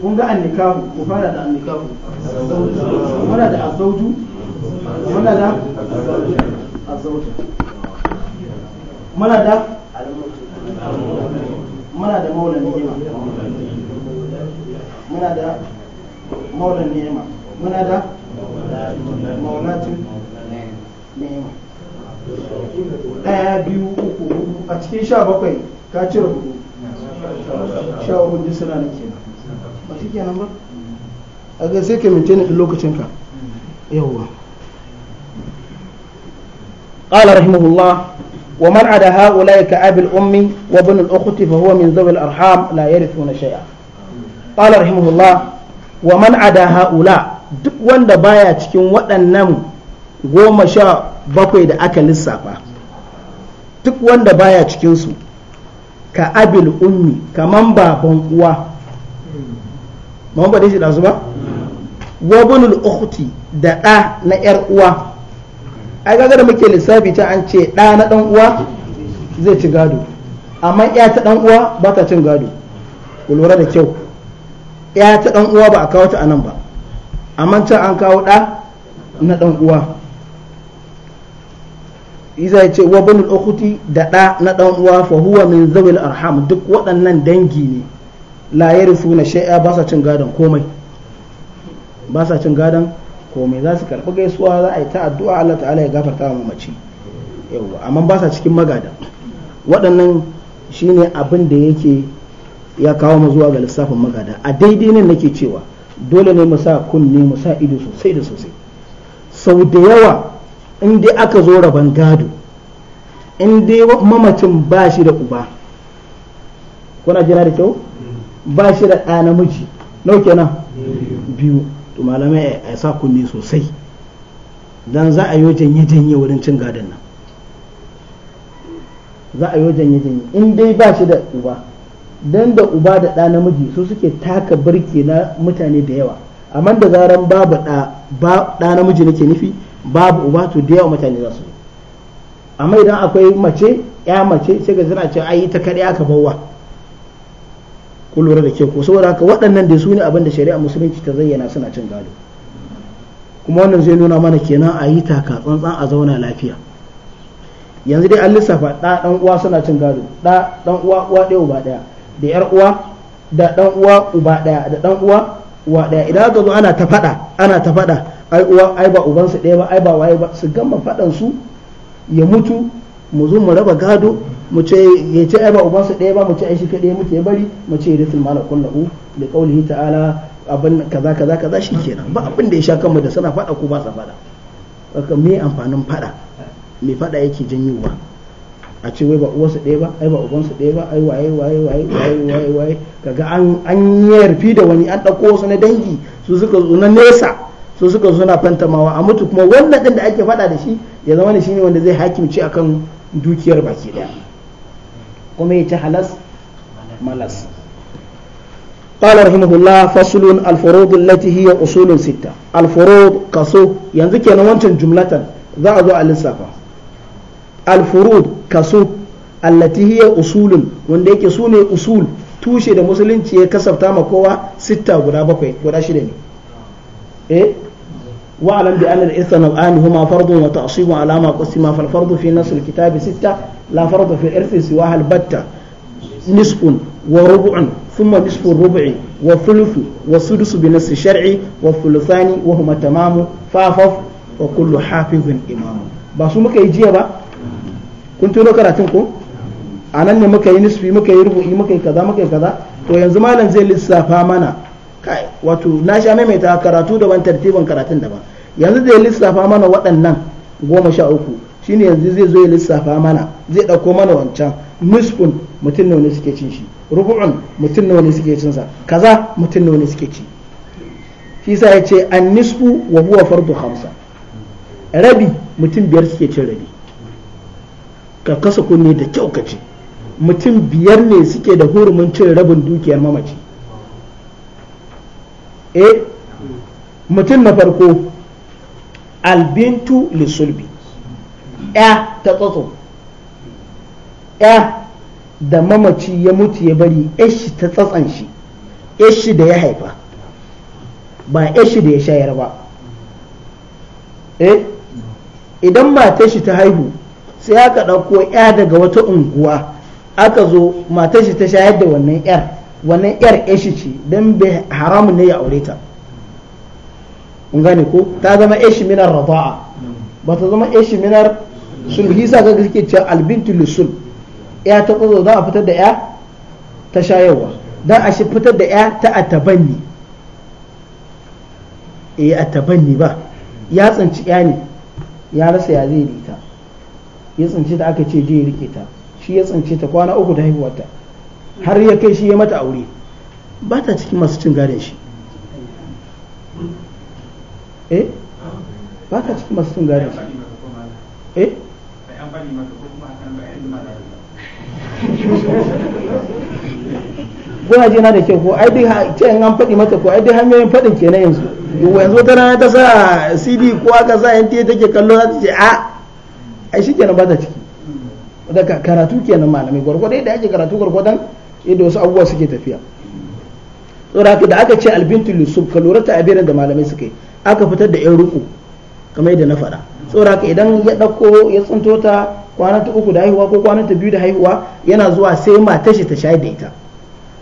kun ga annikahu ku fara da annikahu muna da azauju muna da azauju muna da muna da maulan ni'ima muna da maulan ni'ima muna da maulatin ni'ima ɗaya biyu uku a cikin sha bakwai ka cire hudu sha hudu suna na kenan ba shi kenan ba a ga sai ka maintain lokacin ka yawwa haula ka abil ummi wa ibn al ukhti min arham la wa man haula duk wanda baya cikin waɗannan goma sha bakwai da aka lissafa duk wanda baya su ka abil ummi kaman baban uwa mun ba shi ɗansu ba wa bunul ukhti da ɗa na yar uwa ai kaga da muke lissafi ta an ce ɗa na ɗan uwa zai ci gado amma ya ta ɗan uwa ba ta cin gado ku lura da kyau ya ta ɗan uwa ba a kawo ta a nan ba amma can an kawo ɗa na ɗan uwa iza ce wa bunul ukhti da ɗa na ɗan uwa fa huwa min zawil arham duk waɗannan dangi ne la na shai'a ba sa cin gadon komai ba sa cin gadon komai za su karɓi gaisuwa za a yi ta addu'a Allah ta'ala ya gafarta wa mamaci yawa amma ba sa cikin magada waɗannan shine abin da yake ya kawo mu zuwa ga lissafin magada a daidai nan nake cewa dole ne mu sa kunne mu sa ido sosai da sosai sau da yawa in dai aka zo rabon gado in dai mamacin ba shi da uba kuna jira da kyau ba shi da ɗa namiji nau kenan biyu to malamai a sa kunne sosai don za a yi yi janye wurin cin gadon nan za a yi yi janye in dai ba shi da uba don da uba da ɗa namiji su suke taka birki na mutane da yawa amma da zaran babu ɗa namiji nake nufi babu uba to da yawa mutane za su amma idan akwai mace ya mace sai ga suna ce ai ta kaɗai aka bawa ku lura da ke ko saboda haka waɗannan da su ne abin da shari'a musulunci ta zayyana suna cin gado kuma wannan zai nuna mana kenan a yi taka tsantsan a zauna lafiya yanzu dai an lissafa ɗa ɗan uwa suna cin gado ɗa ɗan uwa uwa ɗaya uba ɗaya da ƴar uwa da ɗan uwa uba ɗaya da ɗan uwa uwa ɗaya idan aka zo ana ta faɗa ana ta faɗa ai uwa ai ba ubansu ɗaya ba ai ba waye ba su gama faɗan su ya mutu mu zo mu raba gado mu ce ya ce ai ba ubansa ɗaya ba mu ce ai shi kaɗai muke ya bari mu ce ritul malak kullu da qaulihi ta'ala abin kaza kaza kaza shikenan ba abin da ya sha kanmu da suna faɗa ko ba sa faɗa haka me amfanin faɗa me faɗa yake janyowa a ce wai ba uwarsa ɗaya ba ai ba ubansa ɗaya ba ai waye waye waye waye waye waye kaga an an yarfi da wani an ɗauko wasu na dangi su suka zo na nesa su suka zo na fantamawa a mutu kuma wannan ɗin da ake faɗa da shi ya zama ne shine wanda zai hakimci akan dukiyar baki daya kuma ya ci halas malas قال رحمه الله فصل الفروض التي هي أصول ستة الفروض كسو ينزك ينوانتن جملة ذا أذو الإنسافة الفروض كسو التي هي أصول وانديك سوني أصول توشي دا مسلين تيه كسب تاما كوا ستة ودا بكوي ودا شدني إيه واعلم بأن الإثم نوعان فرض وتعصيب على ما قسم فالفرض في نص الكتاب ستة لا فرض في الإرث سواها البتة نصف وربع ثم نصف الربع وثلث وسدس بنص الشرع والثلثان وهما تمام فافف وكل حافظ إمام باسو مكا يجي با كنت لو كراتنكم anan ne muka yi nisfi muka yi rubu'i muka yi kaza muka yi kaza to yanzu malam zai lissafa mana kai wato na sha maimaita karatu daban tartibin karatun daban yanzu zai lissafa mana waɗannan goma sha uku shine yanzu zai zo ya lissafa mana zai ɗauko mana wancan nusfun mutum nawa ne suke cin shi rubu'un mutum nawa ne suke cin sa kaza mutum nawa ne suke ci shi sa ya ce an nisfu wa huwa fardu hamsa rabi mutum biyar suke cin rabi ka kasa kunne da kyau ka ce mutum biyar ne suke da hurumin cin rabin dukiyar mamaci eh mutum na farko albintu lissulbi ya ta tsatso ya da mamaci ya mutu ya bari yashi ta tsatsan shi yashi da ya haifa ba yashi da ya shayar ba E, idan matar shi ta haihu sai aka ɗauko ya daga wata unguwa aka zo matar shi ta shayar da wannan yar wannan yar eshi ce don bai haramun ne ya aure ta kun gane ko ta zama eshi minar rafa'a ba ta zama eshi minar sulhi sa ga suke cewa albintu lusul ya ta kwazo za a fitar da ya ta shayarwa don a shi fitar da ya ta atabanni eh tabanni ba ya tsinci ya ne ya rasa ya zai rita ya tsanci da aka ce je rike ta shi ya tsanci ta kwana uku da haihuwarta har ya kai shi ya mata aure ba ta cikin masu cin gadon shi eh ba ta cikin masu cin gadon shi eh ko na da kyau ko ai dai ce an an faɗi mata ko ai dai hanyoyin faɗin kenan yanzu yanzu ta rana ta sa cd ko aka sa yanti take kallo za ta ce a ah, ai shi kenan ba ta ciki daga karatu kenan malamai gwargwadon da ake karatu gwargwadon inda wasu abubuwa suke tafiya tsoraka da aka ce albintu lusub ka lura ta abirin da malamai suka yi aka fitar da yan ruku kamar yadda na faɗa tsoraka idan ya ɗauko ya tsinto ta ta uku da haihuwa ko ta biyu da haihuwa yana zuwa sai matar shi ta shayar da ita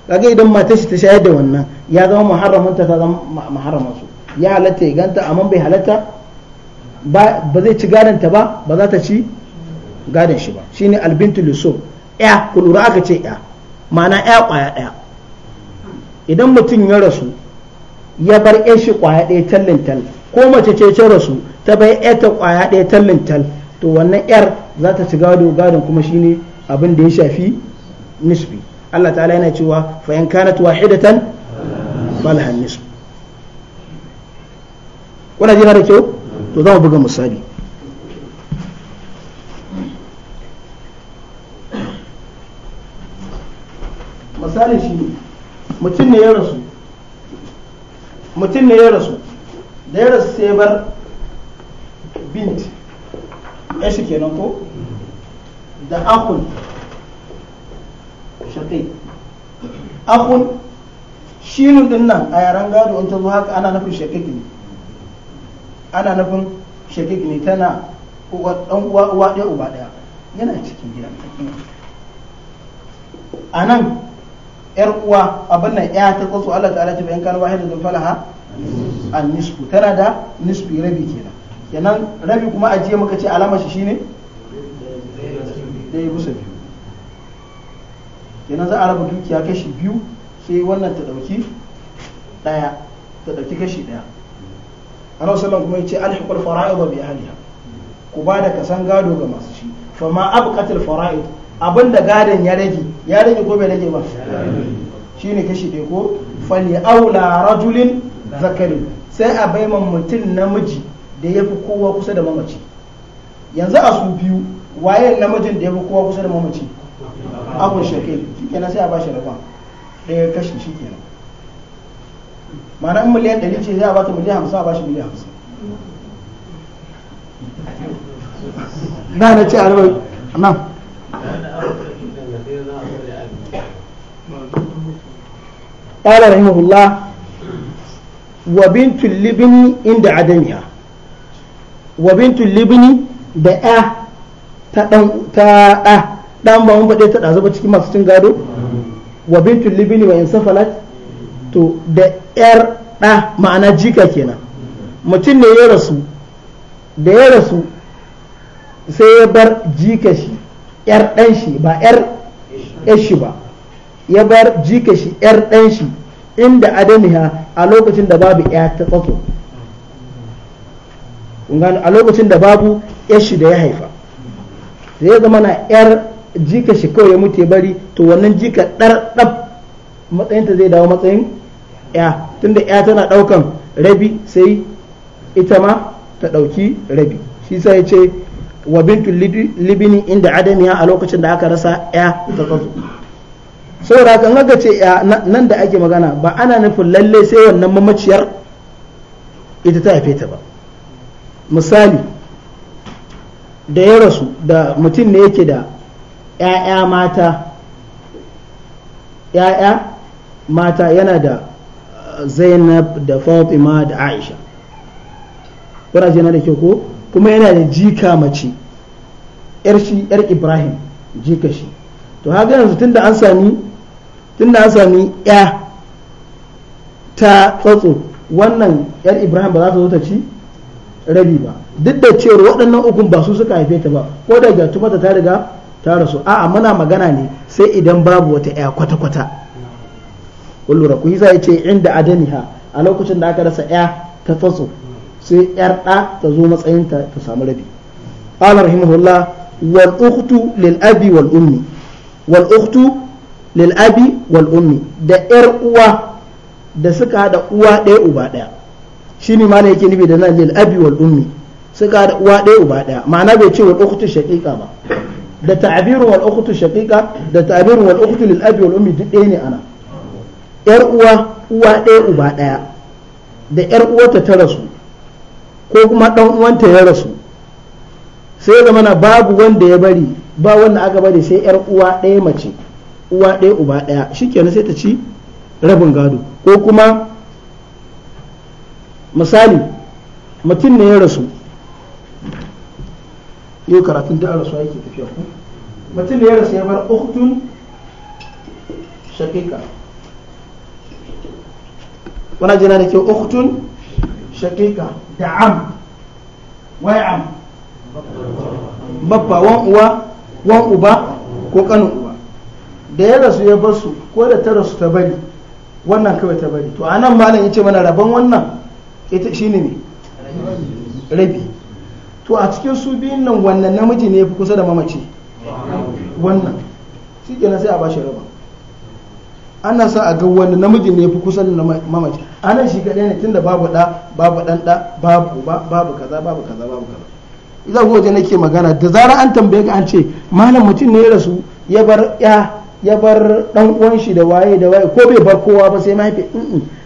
kaga idan matar shi ta shayar da wannan ya zama muharramin ta zama muharramin su ya halatta ya ganta amma bai halatta ba zai ci gadon ta ba ba za ta ci gadon shi ba shine albintu lusub ya ku lura aka ce ya ma'ana ya kwaya ɗaya idan mutum ya rasu ya bar ya shi kwaya ɗaya tallin tal ko mace ce ce rasu ta bai ya ta kwaya ɗaya tallin tal to wannan yar za ta ci gado gadon kuma shine abin da ya shafi nisbi Allah ta'ala yana cewa fa in kanat wahidatan falahan nisb kuna jira da kyau to zamu buga misali misali shi mutum ne ya rasu mutum ne ya rasu da ya rasu sai bar bint ya shi kenan ko da akun shaƙi akun shinu din nan a yaren gado in ta zo haka ana nufin shakai ne ana nufin shakai ne tana dan uwa ɗaya uba ɗaya yana cikin gidan a nan yar uwa abin nan ya ta tsotso Allah ta'ala ta bayan kana wahida dun falaha an nisfu tana da nisfi rabi kenan kenan rabi kuma ajiye muka ce alama shi shine dai bisa biyu kenan za a raba dukiya kashi biyu sai wannan ta ɗauki ɗaya ta ɗauki kashi ɗaya Allah sallallahu kuma yace alhiqul fara'id bi ahliha ku ba da kasan gado ga masu shi fa ma abqatil fara'id abin da gadon ya rage ya rage ko bai rage ba shi ne kashi ɗaya ko fali aula rajulin zakari sai a bai mutum namiji da ya fi kowa kusa da mamaci yanzu a su biyu wayan namijin da ya fi kowa kusa da mamaci abun shakil shi kenan sai a bashi rabon ɗaya kashi shi kenan ma'ana in miliyan ɗari ce zai a bata miliyan hamsin a bashi miliyan hamsin na na ce a rabin nan قال رحمه الله وبنت اللبن عند عدمها وبنت اللبن da ya ta ɗan ɗan ba mun faɗe ta ɗazu ba cikin masu cin gado wa bintul libini wa insafalat to da ƴar ɗa ma'ana jika kenan mutum ne ya rasu da ya rasu sai ya bar jika shi ƴar ɗan shi ba ƴar shi ba ya bar jika shi yar ɗan shi inda adamiha a lokacin da babu ya ta tsatso a lokacin da babu ya shi da ya haifa da ya zama na yar jika shi kawai ya mutu ya bari to wannan jika ɗar ɗab matsayinta zai dawo matsayin ya tunda ya tana ɗaukan rabi sai ita ma ta ɗauki rabi shi sai ya ce wa bintu libini inda adamiya a lokacin da aka rasa ya ta tsatso saboda kan aka ce nan da ake magana ba ana nufin lalle sai wannan mamaciyar ita ta haife ta ba misali da ya rasu da mutum ne yake da 'ya'ya mata ‘ya'ya mata yana da uh, zainab da fatima da aisha ƙuraje na da kyau ko kuma yana da jika mace ‘yar ibrahim jika shi to haka yanzu tun da an sami tun da sami ya ta tsotso wannan yar ibrahim ba za ta zo ta ci rabi ba duk da cewar waɗannan ukun ba su suka haife ta ba ko da gyatumarta ta riga ta rasu a'a muna magana ne sai idan babu wata ya kwata-kwata kullura ku yi ya ce inda adaniha a lokacin da aka rasa ya ta tsotso sai yar ɗa ta zo matsayinta ta samu rabi qala rahimahullah wal ukhtu lil abi wal ummi wal ukhtu lil abi wal ummi da yar uwa da suka haɗa uwa ɗaya uba ɗaya shine ma ne yake nufi da nan lil abi wal ummi suka haɗa uwa ɗaya uba ɗaya ma'ana bai ce wal ukhtu shaqiqa ba da ta'biru wal ukhtu shaqiqa da ta'biru wal ukhtu lil abi wal ummi duk ɗaya ne ana yar uwa uwa ɗaya uba ɗaya da yar uwarta ta rasu ko kuma dan uwanta ya rasu sai zamana babu wanda ya bari ba wanda aka bari sai yar uwa ɗaya mace uwa ɗaya uba ɗaya shikenan sai ta ci rabin gado ko kuma misali mutum ne ya rasu yau karatun da rasu ke tafiya ku mutum ne ya rasu ya bar uktun shakika wana jina da ke uktun shakika da am wai am babba wan uwa wan uba ko kanin uwa da ya rasu ya bar su ko da ta rasu ta bari wannan kawai ta bari to anan malam yace mana rabon wannan ita shine ne rabi to a cikin su biyun nan wannan namiji ne fi kusa da mamaci wannan shi kenan sai a bashi rabon ana sa a ga wani namiji ne fi kusa da mamaci anan shi kadai ne tunda babu ɗa babu dan da babu babu kaza babu kaza babu kaza idan ko waje nake magana da zara an tambaye ka an ce malam mutum ne ya rasu ya bar ya ya bar dan uwan shi da waye da waye ko bai bar kowa ba sai mahaifi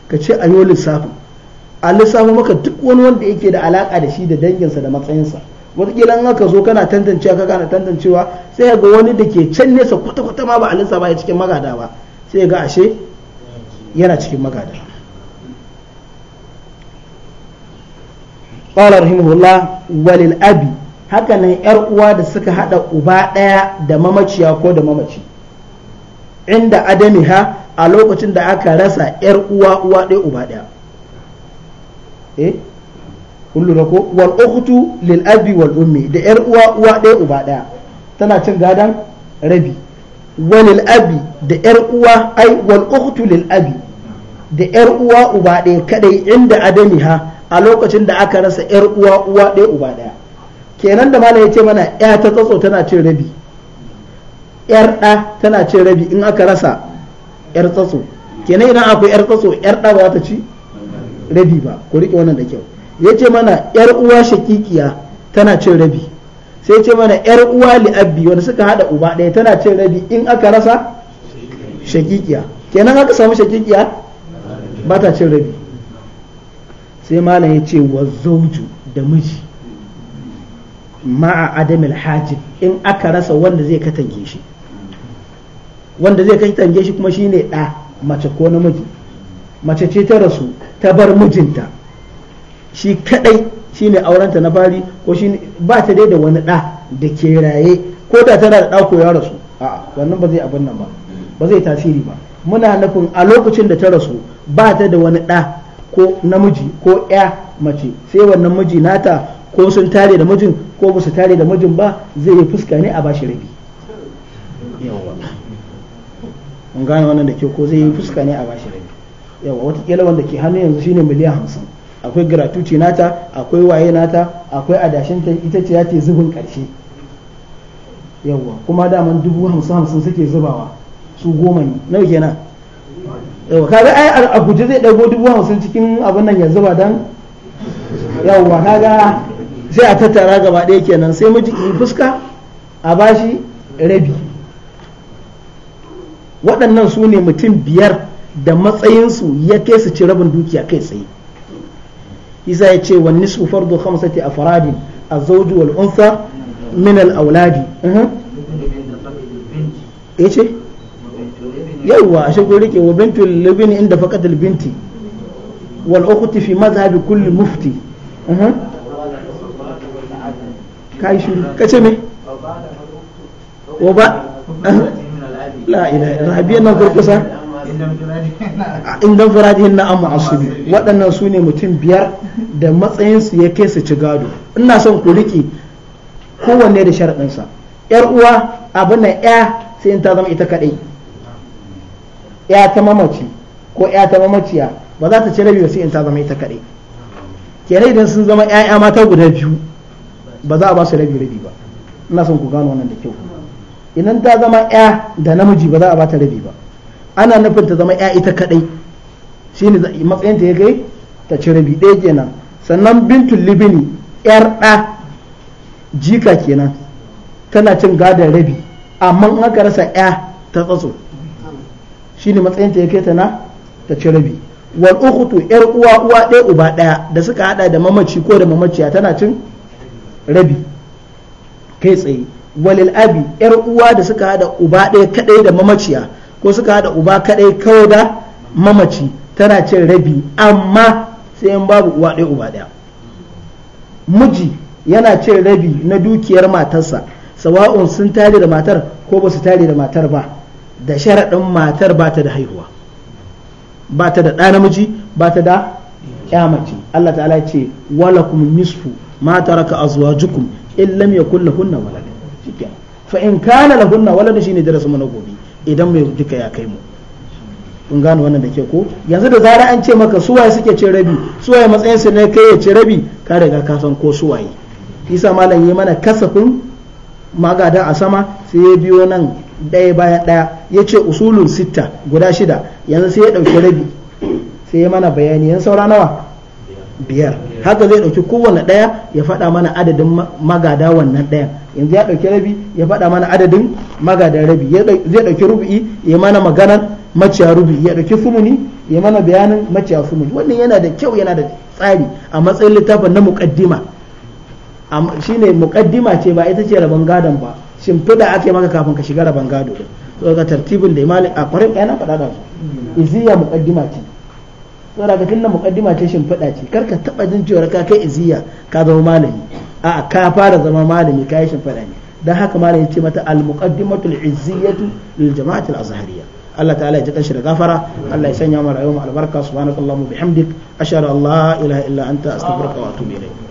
ka ce a yi a lissafi maka duk wani wanda yake da alaka da shi da danginsa da matsayinsa wataƙila in aka zo kana tantancewa ka kana tantancewa sai ga wani da ke can nesa kwata-kwata ma ba a lissafa ya cikin magada ba sai ga ashe yana cikin magada qala rahimahullah walil abi haka nan yar uwa da suka hada uba daya da mamaciya ko da mamaci inda ha a lokacin da aka rasa yar uwa uwa ɗaya uba ɗaya eh kullu ko wal ukhtu lil abi wal ummi da yar uwa uwa ɗaya uba ɗaya tana cin gadan rabi walil abi da yar uwa ai wal ukhtu lil abi da yar uwa uba ɗaya kadai inda ha a lokacin da aka rasa yar uwa uwa ɗaya uba ɗaya kenan da malai ya ce mana ya ta tsatso tana cin rabi yar ɗa tana cin rabi in aka rasa yar tsatso kenan idan akwai yar tsatso yar ɗa ba ta ci rabi ba ku riƙe wannan da kyau ya ce mana yar uwa shakikiya tana cin rabi sai ce mana yar uwa li'abbi wanda suka haɗa uba ɗaya tana cin rabi in aka rasa shakikiya kenan aka samu shakikiya ba ta cin rabi sai malam ya ce wa zauju da miji ma'a adamil hajib in aka rasa wanda zai katange shi wanda zai kai tange shi kuma shine ɗa mace ko namiji mace ce ta rasu ta bar mijinta shi kadai shine aurenta na fari ko shi ba ta dai da wani ɗa da ke raye ko da tana da ɗa ya rasu a'a wannan ba zai abin nan ba ba zai tasiri ba muna nufin a lokacin da ta rasu ba ta da wani ɗa ko namiji ko ya mace sai wannan miji nata ko sun tare da mijin ko ba su tare da mijin ba zai yi fuska ne a bashi rabi an gane wannan da ke ko zai yi fuska ne a bashi rabi yawa watakila wanda ke hannu yanzu shine miliyan hamsin akwai gratuity nata akwai waye nata akwai adashin ta ita ce ya ce zubin karshe yawa kuma daman dubu hamsin hamsin suke zubawa su goma ne nawa kenan yawa kaga ai a guje zai dago dubu hamsin cikin abin nan ya zuba dan yawa kaga sai a tattara gaba ɗaya kenan sai miji fuska a bashi rabi waɗannan su ne mutum biyar da matsayinsu ya kai su ci rabin dukiya kai tsaye isa ya ce wani su fardu khamsati a faradin a zauji wal unsa min al auladi ya ce yawwa a shagun rike wa bintu libin inda fakat binti wal ukhti fi mazhabi kulli mufti kai shi kace me wa ba la ila rahabiyyan nan kurkusa inda farajin na amma asubi waɗannan su ne mutum biyar da matsayinsu ya kai su ci gado ina son ku riƙe kowanne da sharaɗinsa yar uwa abu na ya sai in ta zama ita kaɗai ya ta mamaci ko ya ta mamaciya ba za ta ci rabi sai in ta zama ita kaɗai kenan idan sun zama 'ya'ya mata guda biyu ba za a ba su rabi rabi ba ina son ku gano wannan da kyau idan ta zama ya da namiji ba za a bata rabi ba ana nufin ta zama ya ita kadai ne matsayin ta ya kai ta ci rabi ɗaya kenan sannan bintul libini yar ɗa jika kenan tana cin gadon rabi amma in aka rasa ya ta tsatso ne matsayin ta ya kai ta na ta ci rabi wal ukhtu yar uwa uwa ɗaya uba ɗaya da suka hada da mamaci ko da mamaciya tana cin rabi kai tsaye walil abi yar uwa da suka hada uba ɗaya kaɗai da mamaciya ko suka hada uba kaɗai kawai da mamaci tana cin rabi amma sai yan babu uwa ɗaya uba ɗaya miji yana cin rabi na dukiyar matarsa sawa'un sun tare da matar ko ba su tare da matar ba da sharaɗin matar ba ta da haihuwa ba ta da ɗa namiji ba ta da ya Allah ta'ala ce walakum nisfu ma taraka azwajukum in lam yakul lahunna walad shikenan fa in kana lahunna walada shine darasin mu na gobe idan mai duka ya kai mu kun gane wannan da ke ko yanzu da zara an ce maka suwaye suke ce rabi suwaye matsayin su ne kai ya ce rabi ka riga ka san ko suwaye isa malam yi mana kasafin magada a sama sai ya biyo nan daya baya daya ya ce usulun sitta guda shida yanzu sai ya ɗauki rabi sai ya mana bayani yan saura nawa biyar haka zai ɗauki kowane ɗaya ya faɗa mana adadin magada wannan ɗayan yanzu ya ɗauki rabi ya faɗa mana adadin magadan rabi zai ɗauki rubu'i ya mana maganar maciya rubu'i ya ɗauki sumuni ya mana bayanin maciya sumuni wannan yana da kyau yana da tsari a matsayin littafin na muƙaddima shine muƙaddima ce ba ita ce rabon gadon ba shimfiɗa ake maka kafin ka shiga rabon gado din so ga tartibin da imalin a kwarin ɗaya na faɗa da su iziya muƙaddima ce saboda ka tunna muqaddima ce shimfiɗa ce kar ka taɓa jin cewa ka kai iziya ka zama malami a'a ka fara zama malami ka yi shimfiɗa ne dan haka malami ce mata al muqaddimatul izziyatu lil jama'atil azhariya Allah ta'ala ya ji kanshi da gafara Allah ya sanya mu rayuwa mu albarka subhanakallahumma bihamdik ashhadu an la ilaha illa anta astaghfiruka wa atubu ilayk